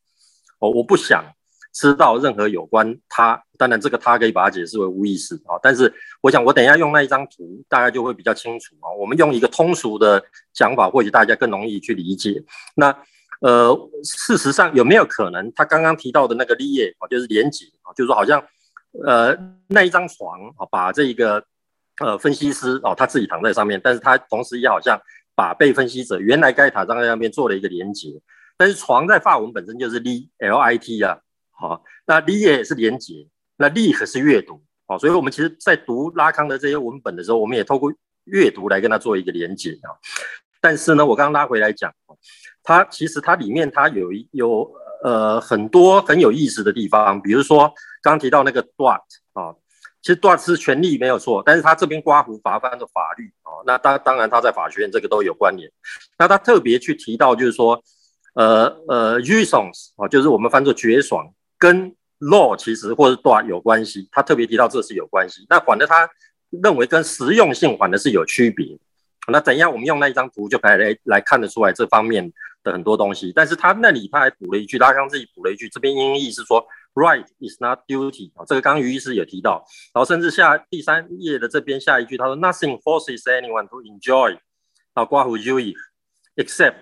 哦、我不想知道任何有關他。當然，這個他可以把它解釋為無意識啊、哦。但是，我想我等一下用那一張圖，大家就會比較清楚啊、哦。我們用一個通俗的講法，或許大家更容易去理解。那呃，事實上有沒有可能，他剛剛提到的那個立業啊，就是連接啊、哦，就是說好像呃那一張床啊、哦，把這個呃分析師哦他自己躺在上面，但是他同時也好像把被分析者原來該躺在那邊做了一個連接。但是床在法文本身就是 lit l i t 啊，好，那 lit 也是連接，那 lit 可是閱讀，好，所以，我們其實在讀拉康的這些文本的時候，我們也透過閱讀來跟他做一個連接啊。但是呢，我剛剛拉回來講，它其實它裡面它有有呃很多很有意思的地方，比如說剛剛提到那個 droit 啊，其實 droit 是權利沒有錯，但是他這邊刮胡法發的法律啊，那當當然他在法學院這個都有關聯，那他特別去提到就是說。呃呃 <noise> Jouissance 就是我們翻作“絕爽”，跟 law 其實或者短有關係。他特別提到這是有關係。那反正，他認為跟實用性反而是有區別。那怎樣？我們用那一張圖就可以來來看得出來這方面的很多東西。但是他那裡他還補了一句，他剛自己補了一句，這邊英譯是說 “right is not duty”、哦、這個剛剛俞醫師也提到。然後甚至下第三頁的這邊下一句，他說 <noise> “nothing forces anyone to enjoy”，好、哦、刮胡 if except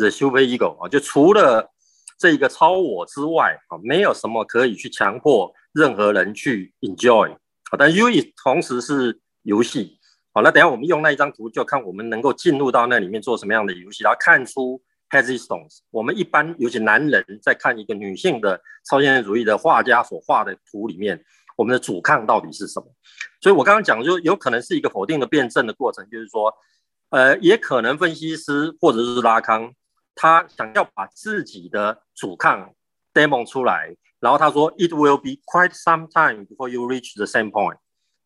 的消費 super ego 啊，e、go，就除了這個超我之外啊，沒有什麼可以去強迫任何人去 enjoy 啊。但 U E 同時是遊戲，好，那等下我們用那一張圖，就看我們能夠進入到那裡面做什麼樣的遊戲，然後看出 resistance。我們一般尤其男人在看一個女性的超現實主義的畫家所畫的圖裡面，我們的阻抗到底是什麼？所以我剛剛講就有可能是一個否定的辯證的過程，就是說，呃，也可能分析師或者是拉康。他想要把自己的阻抗 demo 出來，然後他說，It will be quite some time before you reach the same point，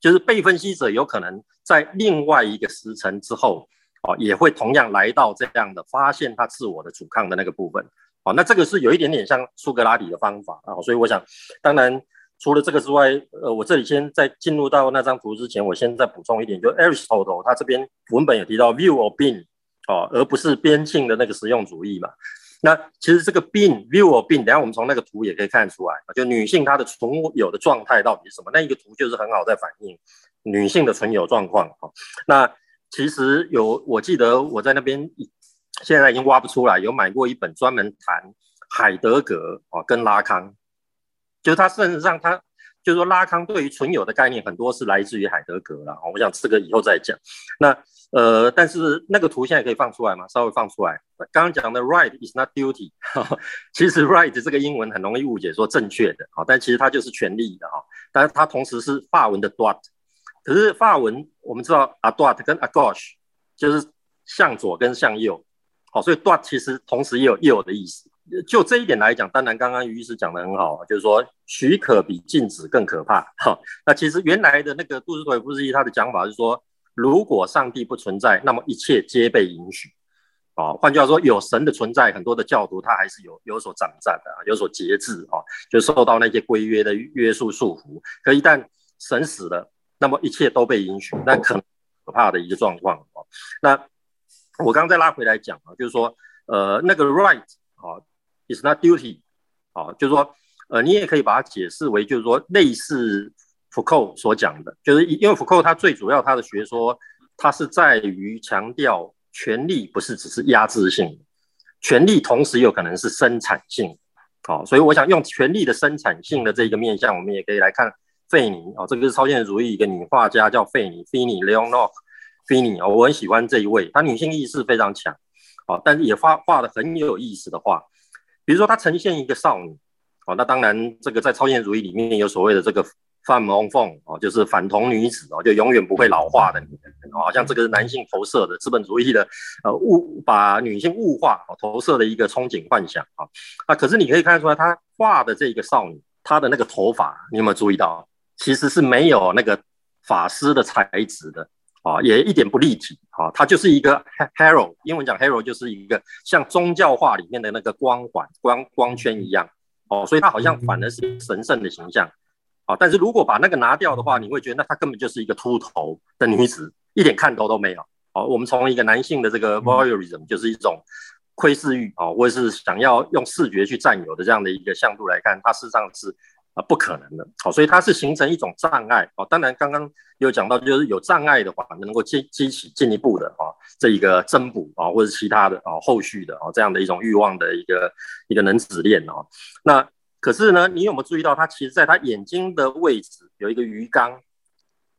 就是被分析者有可能在另外一個時辰之後，哦，也會同樣來到這樣的發現他自我的阻抗的那個部分，哦，那這個是有一點點像蘇格拉底的方法啊，哦，所以我想，當然除了這個之外，呃，我這裡先在進入到那張圖之前，我先再補充一點，就 Aristotle 他這邊文本也提到 view of being。哦，而不是邊沁的那個實用主義嘛？那其實這個 being view of being，等一下我們從那個圖也可以看出來，就女性她的存有的狀態到底是什麼？那一個圖就是很好在反映女性的存有狀況。那其實有，我記得我在那邊，現在已經挖不出來，有買過一本專門談海德格哦跟拉康，就是他甚至讓他。就是說，拉康對於存有的概念很多是來自於海德格爾了我想這個以後再講。那呃，但是那個圖現在也可以放出來嗎？稍微放出來。剛剛講的 right is not duty，呵呵其實 right 這個英文很容易誤解說正確的但其實它就是權利的哈，但是它同時是法文的 droit 可是法文我們知道 droit 跟 gauche 就是向左跟向右，好，所以 droit 其實同時也有“右”的意思。就這一點來講，當然剛剛俞醫師講得很好，就是說許可比禁止更可怕哈。那其實原來的那個杜斯妥也夫斯基他的講法，是說如果上帝不存在，那麼一切皆被允許啊。換、哦、句話說，有神的存在，很多的教徒他還是有有所掌占的，有所節制啊、哦，就受到那些規約的約束束縛。可一旦神死了，那麼一切都被允許，那可能很可怕的一個狀況哦，那我剛剛再拉回來講啊，就是說呃那個 right 啊、哦。It's not duty，哦，就是說，呃，你也可以把它解釋為，就是說，類似福寇所講的，就是因為福寇他最主要他的學說，他是在於強調權力不是只是壓制性，權力同時有可能是生產性，好，哦，所以我想用權力的生產性的這一個面向，我們也可以來看費尼，哦，這個是超現實主義一個女畫家叫費尼，費尼 Leonor Fini 費尼。我很喜歡這一位，她女性意識非常強，哦，但是也畫畫得很有意思的畫。比如說，他呈現一個少女，哦，那當然，這個在超現實主義裡面有所謂的這個 femme-enfant，哦，就是反童女子，哦，就永遠不會老化的女人，哦，像這個是男性投射的資本主義的，呃，物把女性物化，哦，投射的一個憧憬幻想，哦，啊，可是你可以看得出來，他畫的這一個少女，她的那個頭髮，你有沒有注意到，其實是沒有那個髮絲的材質的。啊、哦，也一點不立體啊、哦，它就是一個 halo，英文講 halo 就是一個像宗教畫裡面的那個光環、光光圈一樣哦，所以它好像反而是神聖的形象啊、哦。但是如果把那個拿掉的話，你會覺得那她根本就是一個禿頭的女子，一點看頭都沒有哦。我們從一個男性的這個 voyeurism、嗯、就是一種窺視欲啊、哦，或者是想要用視覺去占有的這樣的一個向度來看，它事實上是。啊，不可能的，好、哦，所以它是形成一種障礙，哦，當然剛剛有講到，就是有障礙的話，能夠進激，激起進一步的啊、哦，這一個增補啊、哦，或者是其他的啊、哦，後續的啊、哦，這樣的一種欲望的一個一個能指鏈哦，那可是呢，你有沒有注意到它其實在它眼睛的位置有一個魚缸，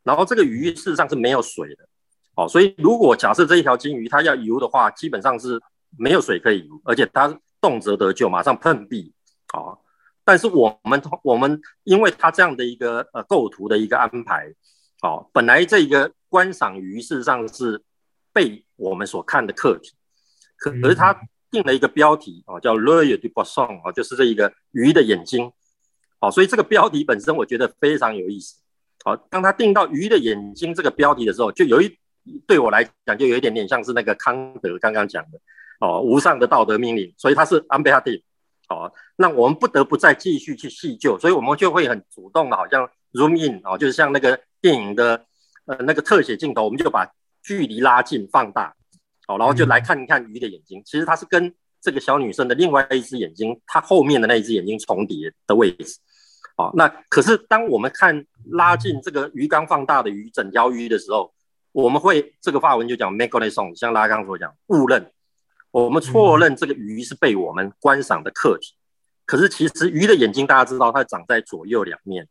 然後這個魚事實上是沒有水的，哦，所以如果假設這一條金魚它要游的話，基本上是沒有水可以游，而且它動輒得咎，馬上碰壁，好、哦。但是我們我們，因為他這樣的一個呃構圖的一個安排，好、哦，本來這一個觀賞魚事實上是被我們所看的客體，可是他定了一個標題哦，叫《L'oeil du poisson》哦，就是這一個魚的眼睛，好、哦，所以這個標題本身我覺得非常有意思，好、哦，當他定到魚的眼睛這個標題的時候，就有一對我來講就有一點點像是那個康德剛剛講的哦，無上的道德命令，所以他是安倍哈 i 好，那我們不得不再繼續去細究，所以我們就會很主動的，好像 zoom in 哦，就是像那個電影的呃那個特寫鏡頭，我們就把距離拉近放大，好、哦，然後就來看一看魚的眼睛，嗯、其實它是跟這個小女生的另外一隻眼睛，她後面的那一隻眼睛重疊的位置，好、哦，那可是當我們看拉近這個魚缸放大的魚整條魚的時候，我們會這個法文就講 méconnaissance 像拉康所講誤認。我們錯認這個魚是被我們觀賞的客體，可是其實魚的眼睛大家知道它長在左右兩面，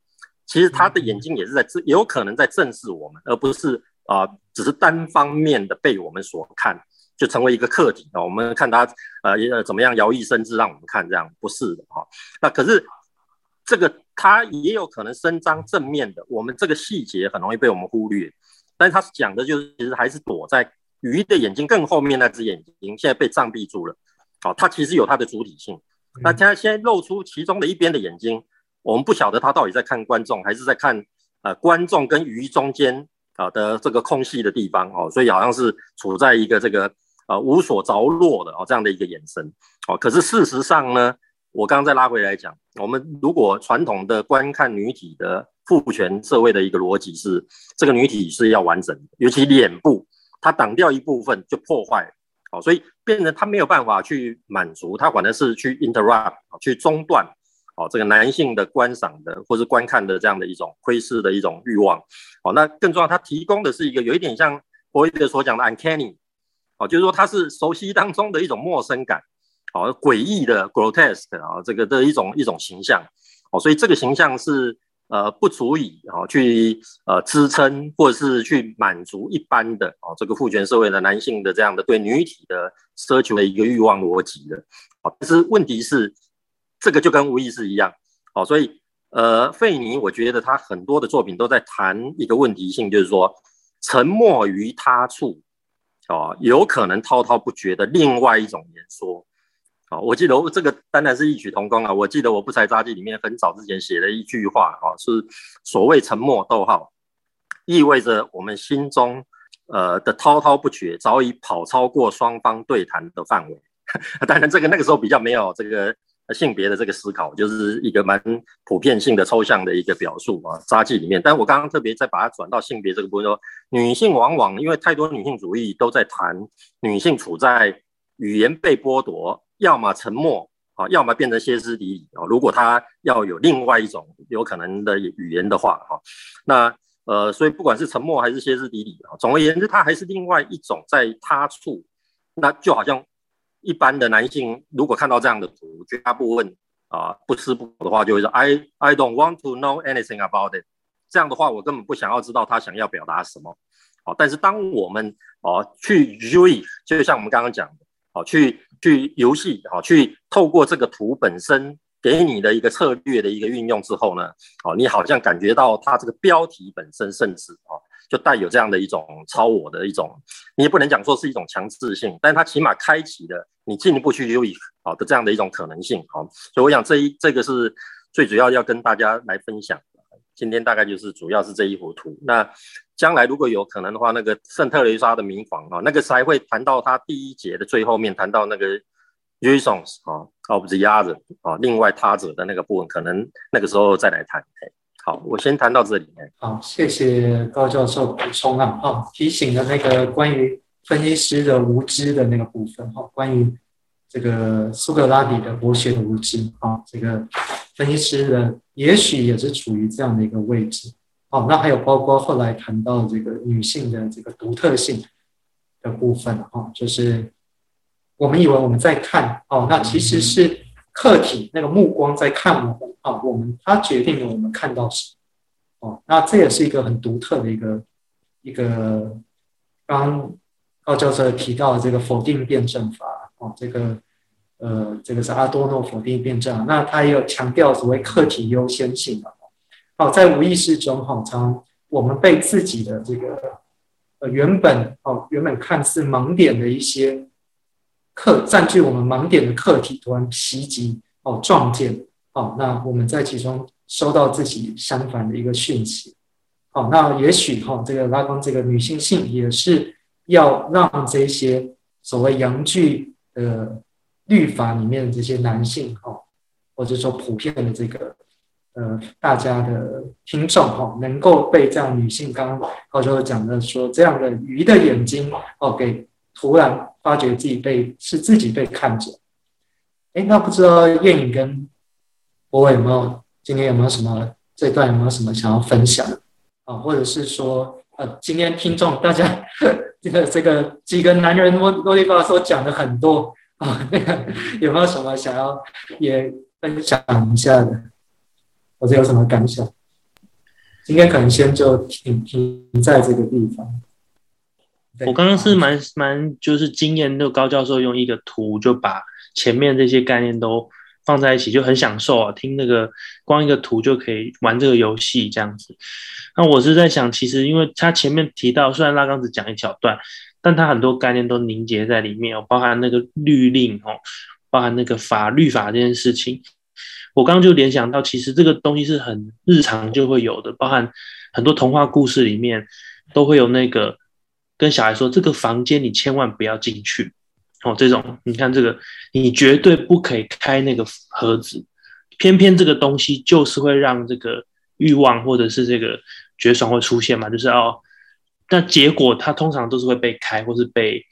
其實它的眼睛也是在，有可能在正視我們，而不是啊、呃，只是單方面的被我們所看，就成為一個客體啊、哦。我們看它，呃，怎麼樣搖曳生姿讓我們看，這樣不是的哈、哦。那可是這個它也有可能伸張正面的，我們這個細節很容易被我們忽略，但是它講的就是其實還是躲在。魚的眼睛，更後面那只眼睛現在被障蔽住了。哦，它其實有它的主體性。那它、嗯、現在露出其中的一邊的眼睛，我們不曉得它到底在看觀眾，還是在看、呃、觀眾跟魚中間啊、呃、的這個空隙的地方哦。所以好像是處在一個這個啊、呃、無所着落的哦，這樣的一個眼神哦。可是事實上呢，我剛剛再拉回來講，我們如果傳統的觀看女體的父權社會的一個邏輯是，這個女體是要完整的，尤其臉部。它擋掉一部分就破壞，好，所以變成他沒有辦法去滿足，他反正是去 interrupt，去中斷，哦，這個男性的觀賞的或是觀看的這樣的一種窺視的一種欲望，那更重要，他提供的是一個有一點像佛洛伊德所講的 uncanny，哦，就是說它是熟悉當中的一種陌生感，哦，詭異的 grotesque，啊，這個的一種一種形象，哦，所以這個形象是。呃，不足以哦去呃支撐或者是去滿足一般的哦這個父權社會的男性的這樣的對女體的奢求的一個慾望邏輯的，啊、哦，但是問題是這個就跟無意識一樣，好、哦，所以呃，費尼我覺得他很多的作品都在談一個問題性，就是說沉默於他處，哦，有可能滔滔不絕的另外一種言說。我記得這個當然是異曲同工啊。我記得我不才札記裡面，很早之前寫了一句話，啊，是所謂沉默逗號，意味着我們心中呃的滔滔不絕早已跑超過雙方對談的範圍。當然這個那個時候比較沒有這個性別的這個思考，就是一個蠻普遍性的抽象的一個表述啊，札記裡面，但我剛剛特別再把它轉到性別這個部分說，說女性往往因為太多女性主義都在談女性處在語言被剝奪。要麼沉默啊，要麼變成歇斯底里啊。如果他要有另外一種有可能的語言的話哈、啊，那呃，所以不管是沉默還是歇斯底里啊，總而言之，他還是另外一種在他處。那就好像一般的男性，如果看到這樣的圖，絕大部分啊，不吃不喝的話，就會說 I I don't want to know anything about it。這樣的話，我根本不想要知道他想要表達什麼。好、啊，但是當我們啊去注意，就像我們剛剛講的。好，去去遊戲，好、啊，去透過這個圖本身給你的一個策略的一個運用之後呢，好、啊，你好像感覺到它這個標題本身，甚至啊，就帶有這樣的一種超我的一種，你也不能講說是一種強制性，但它起碼開啟了你進一步去留意好的這樣的一種可能性，好、啊，所以我想這一這個是最主要要跟大家來分享，今天大概就是主要是這一幅圖，那。將來如果有可能的話，那個聖特雷莎的民房啊，那個才會談到他第一節的最後面，談到那個 jouissance 啊，而不是鴨子啊。另外他者的那個部分，可能那個時候再來談。好，我先談到這裡面。好，謝謝高教授補充啊、哦，提醒了那個關於分析師的無知的那個部分哈、哦，關於這個蘇格拉底的博學的無知啊、哦，這個分析師的也許也是處於這樣的一個位置。哦，那還有包括後來談到這個女性的這個獨特性的部分，哈、哦，就是我們以為我們在看，哦，那其實是客體那個目光在看我們，啊、哦，我們它決定了我們看到誰，哦，那這也是一個很獨特的一個一個，剛剛高教授提到的這個否定辯證法，哦，這個呃，這個是阿多諾否定辯證，那他也有強調所謂客體優先性的。好，在無意識中，好像我們被自己的這個呃，原本哦，原本看似盲點的一些客，占據我們盲點的客體突然襲擊哦，撞見哦，那我們在其中收到自己相反的一個訊息。好、哦，那也許哈、哦、這個拉岡這個女性性也是要讓這些所謂陽具的、呃、律法裡面的這些男性哈，或、哦、者說普遍的這個。呃，大家的聽眾哈，能夠被這樣女性剛剛高教授講的說，這樣的魚的眼睛哦，給突然發覺自己被是自己被看見。哎，那不知道彥穎跟柏瑋有沒有今天有沒有什麼這段有沒有什麼想要分享啊、哦？或者是說呃，今天聽眾大家這個這個幾個男人我囉裡吧嗦講的很多啊、哦，那個有沒有什麼想要也分享一下的？或者有什麼感想？應該可能先就停停在這個地方。我剛剛是蠻蠻，就是驚艷，就高教授用一個圖就把前面這些概念都放在一起，就很享受啊，聽那個光一個圖就可以玩這個遊戲這樣子。那我是在想，其實因為他前面提到，雖然拉岡只講一小段，但他很多概念都凝結在裡面哦，包含那個律令哦，包含那個法律法這件事情。我剛剛就聯想到，其實這個東西是很日常就會有的，包含很多童話故事裡面都會有那個跟小孩說：“這個房間你千萬不要進去。”哦，這種你看這個，你絕對不可以開那個盒子。偏偏這個東西就是會讓這個慾望或者是這個絕爽會出現嘛，就是哦，那結果它通常都是會被開，或是被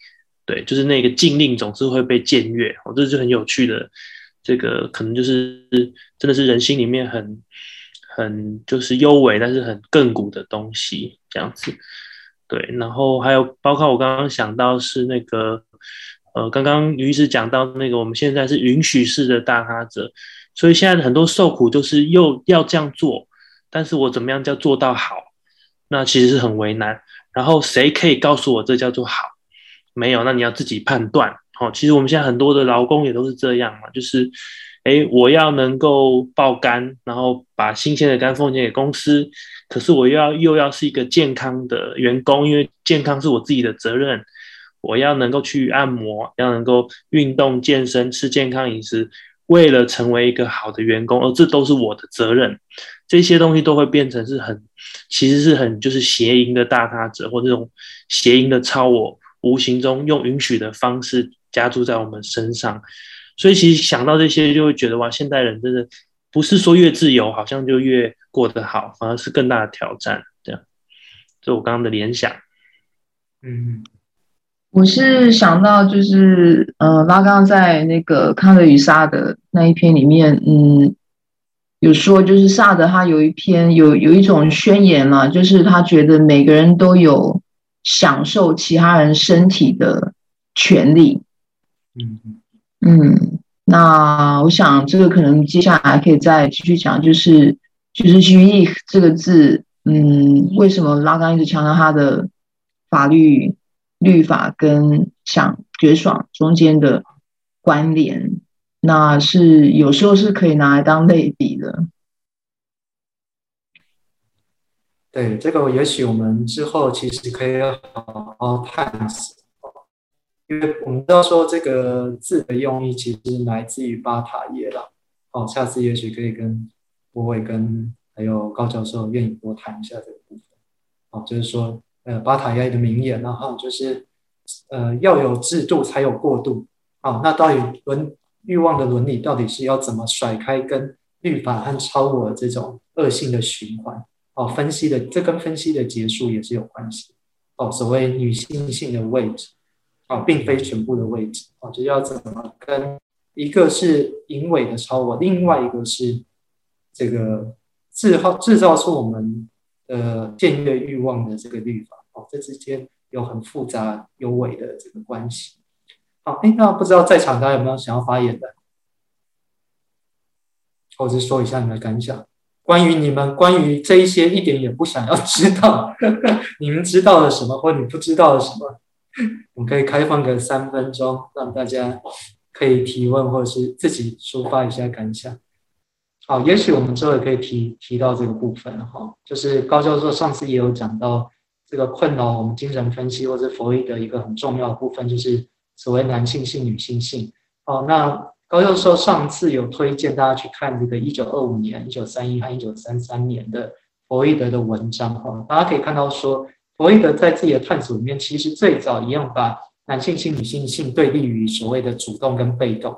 對，就是那個禁令總是會被僭越。哦，這是很有趣的。這個可能就是真的是人心裡面很很就是幽微，但是很亘古的東西這樣子。對，然後還有包括我剛剛想到是那個呃，剛剛俞醫師講到那個，我們現在是允許式的大他者，所以現在很多受苦就是又要這樣做，但是我怎麼樣叫做到好？那其實是很為難。然後誰可以告訴我這叫做好？沒有，那你要自己判斷。好，其實我們現在很多的勞工也都是這樣嘛，就是，哎、欸，我要能夠爆肝，然後把新鮮的肝奉獻給公司，可是我又要又要是一個健康的員工，因為健康是我自己的責任，我要能夠去按摩，要能夠運動健身，吃健康飲食，為了成為一個好的員工，而這都是我的責任，這些東西都會變成是很，其實是很就是邪淫的大他者或是這種邪淫的超我，無形中用允許的方式。加註在我們身上，所以其實想到這些，就會覺得哇，現代人真的不是說越自由，好像就越過得好，反而是更大的挑戰。這樣，就我剛剛的聯想。嗯，我是想到就是呃，拉岡，剛在那個《康德與薩德》那一篇裡面，嗯，有說就是薩德他有一篇有有一種宣言嘛，就是他覺得每個人都有享受其他人身體的權利。嗯嗯，那我想這個可能接下來可以再繼續講，就是就是“虛義”這個字，嗯，為什麼拉岡一直強調他的法律律法跟想絕爽中間的關聯？那是有時候是可以拿來當類比的。對，這個也許我們之後其實可以好好看一下。因為我們知道說這個字的用意，其實來自於巴塔耶啦。哦，下次也許可以跟柏瑋、跟還有高教授，願意多談一下這個部分。哦，就是說，呃，巴塔耶的名言呢，哈，就是，呃，要有制度才有過渡。好，那到底倫欲望的倫理，到底是要怎麼甩開跟律法和超我這種惡性的循環？哦，分析的這跟分析的結束也是有關係。哦，所謂女性性的位置。哦、並非全部的位置哦，就要怎麼跟一個是淫猥的超我，另外一個是這個製造製造出我們的僭越慾望的這個律法哦，這之間有很複雜有尾的這個關係。好、哦，哎、欸，那不知道在場大家有沒有想要發言的？或者是說一下你們的感想，關於你們關於這一些一點也不想要知道呵呵，你們知道了什麼，或你不知道了什麼？我們可以開放個三分鐘，讓大家可以提問或者是自己抒發一下感想。好，也許我們之後也可以提提到這個部分哈，就是高教授上次也有講到這個困擾我們精神分析或者弗洛伊德一個很重要的部分，就是所謂男性性、女性性。哦，那高教授上次有推薦大家去看這個一九二五年、一九三一和一九三三年的弗洛伊德的文章哈，大家可以看到說。弗洛伊德在自己的探索裡面，其實最早一樣把男性性、女性性對立於所謂的主動跟被動、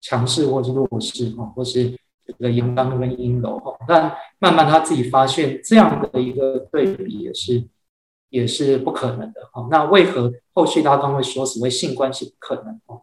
強勢或者是弱勢哈、啊，或是這個陽剛跟陰柔哈、啊。但慢慢他自己發現，這樣的一個對比也是也是不可能的哈、啊。那為何後續大家都會說所謂性關係不可能？哈、啊，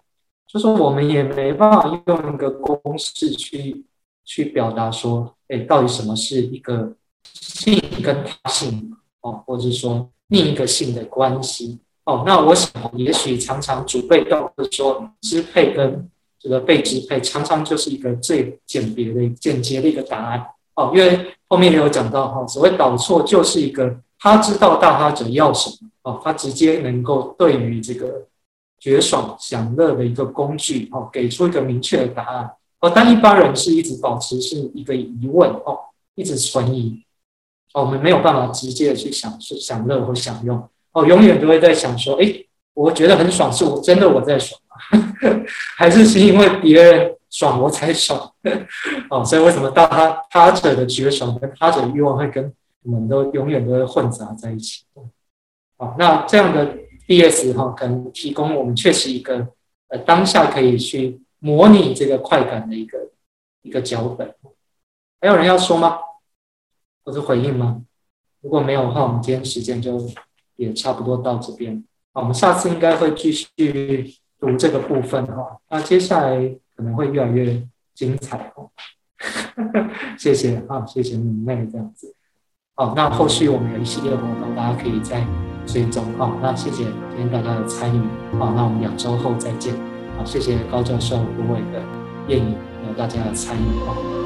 就說、是、我們也沒辦法用一個公式去去表達說，哎，到底什麼是一個性跟他性？哦，或者是說另一個性的關係哦，那我想也許常常主被動或者說支配跟這個被支配，常常就是一個最簡別的間接的一個答案哦。因為後面也有講到哈，所謂倒錯就是一個他知道大他者要什麼哦，他直接能夠對於這個絕爽享樂的一個工具哦，給出一個明確的答案哦，但一般人是一直保持是一個疑問哦，一直存疑。哦、我們沒有辦法直接的去享受、享樂或享用。哦，永遠都會在想說，誒、欸，我覺得很爽，是我真的我在爽嗎？ <laughs> 還是是因為別人爽我才爽？哦，所以為什麼到他他者的絕爽跟他者的欲望會跟我們都永遠都會混雜在一起？哦，那這樣的 B S 哈、哦，可能提供我們確實一個呃當下可以去模擬這個快感的一個一個腳本。還有人要說嗎？或者回應嗎？如果沒有的話、哦，我們今天時間就也差不多到這邊。我們下次應該會繼續讀這個部分的話、哦，那接下來可能會越來越精彩哦， <laughs> 謝謝哦。謝謝啊，謝謝你們這樣子。好，那後續我們有一系列的活動，大家可以再追蹤啊。那謝謝今天大家的參與啊、哦，那我們兩周後再見。好，謝謝高教授各位的建議，還有大家的參與啊。哦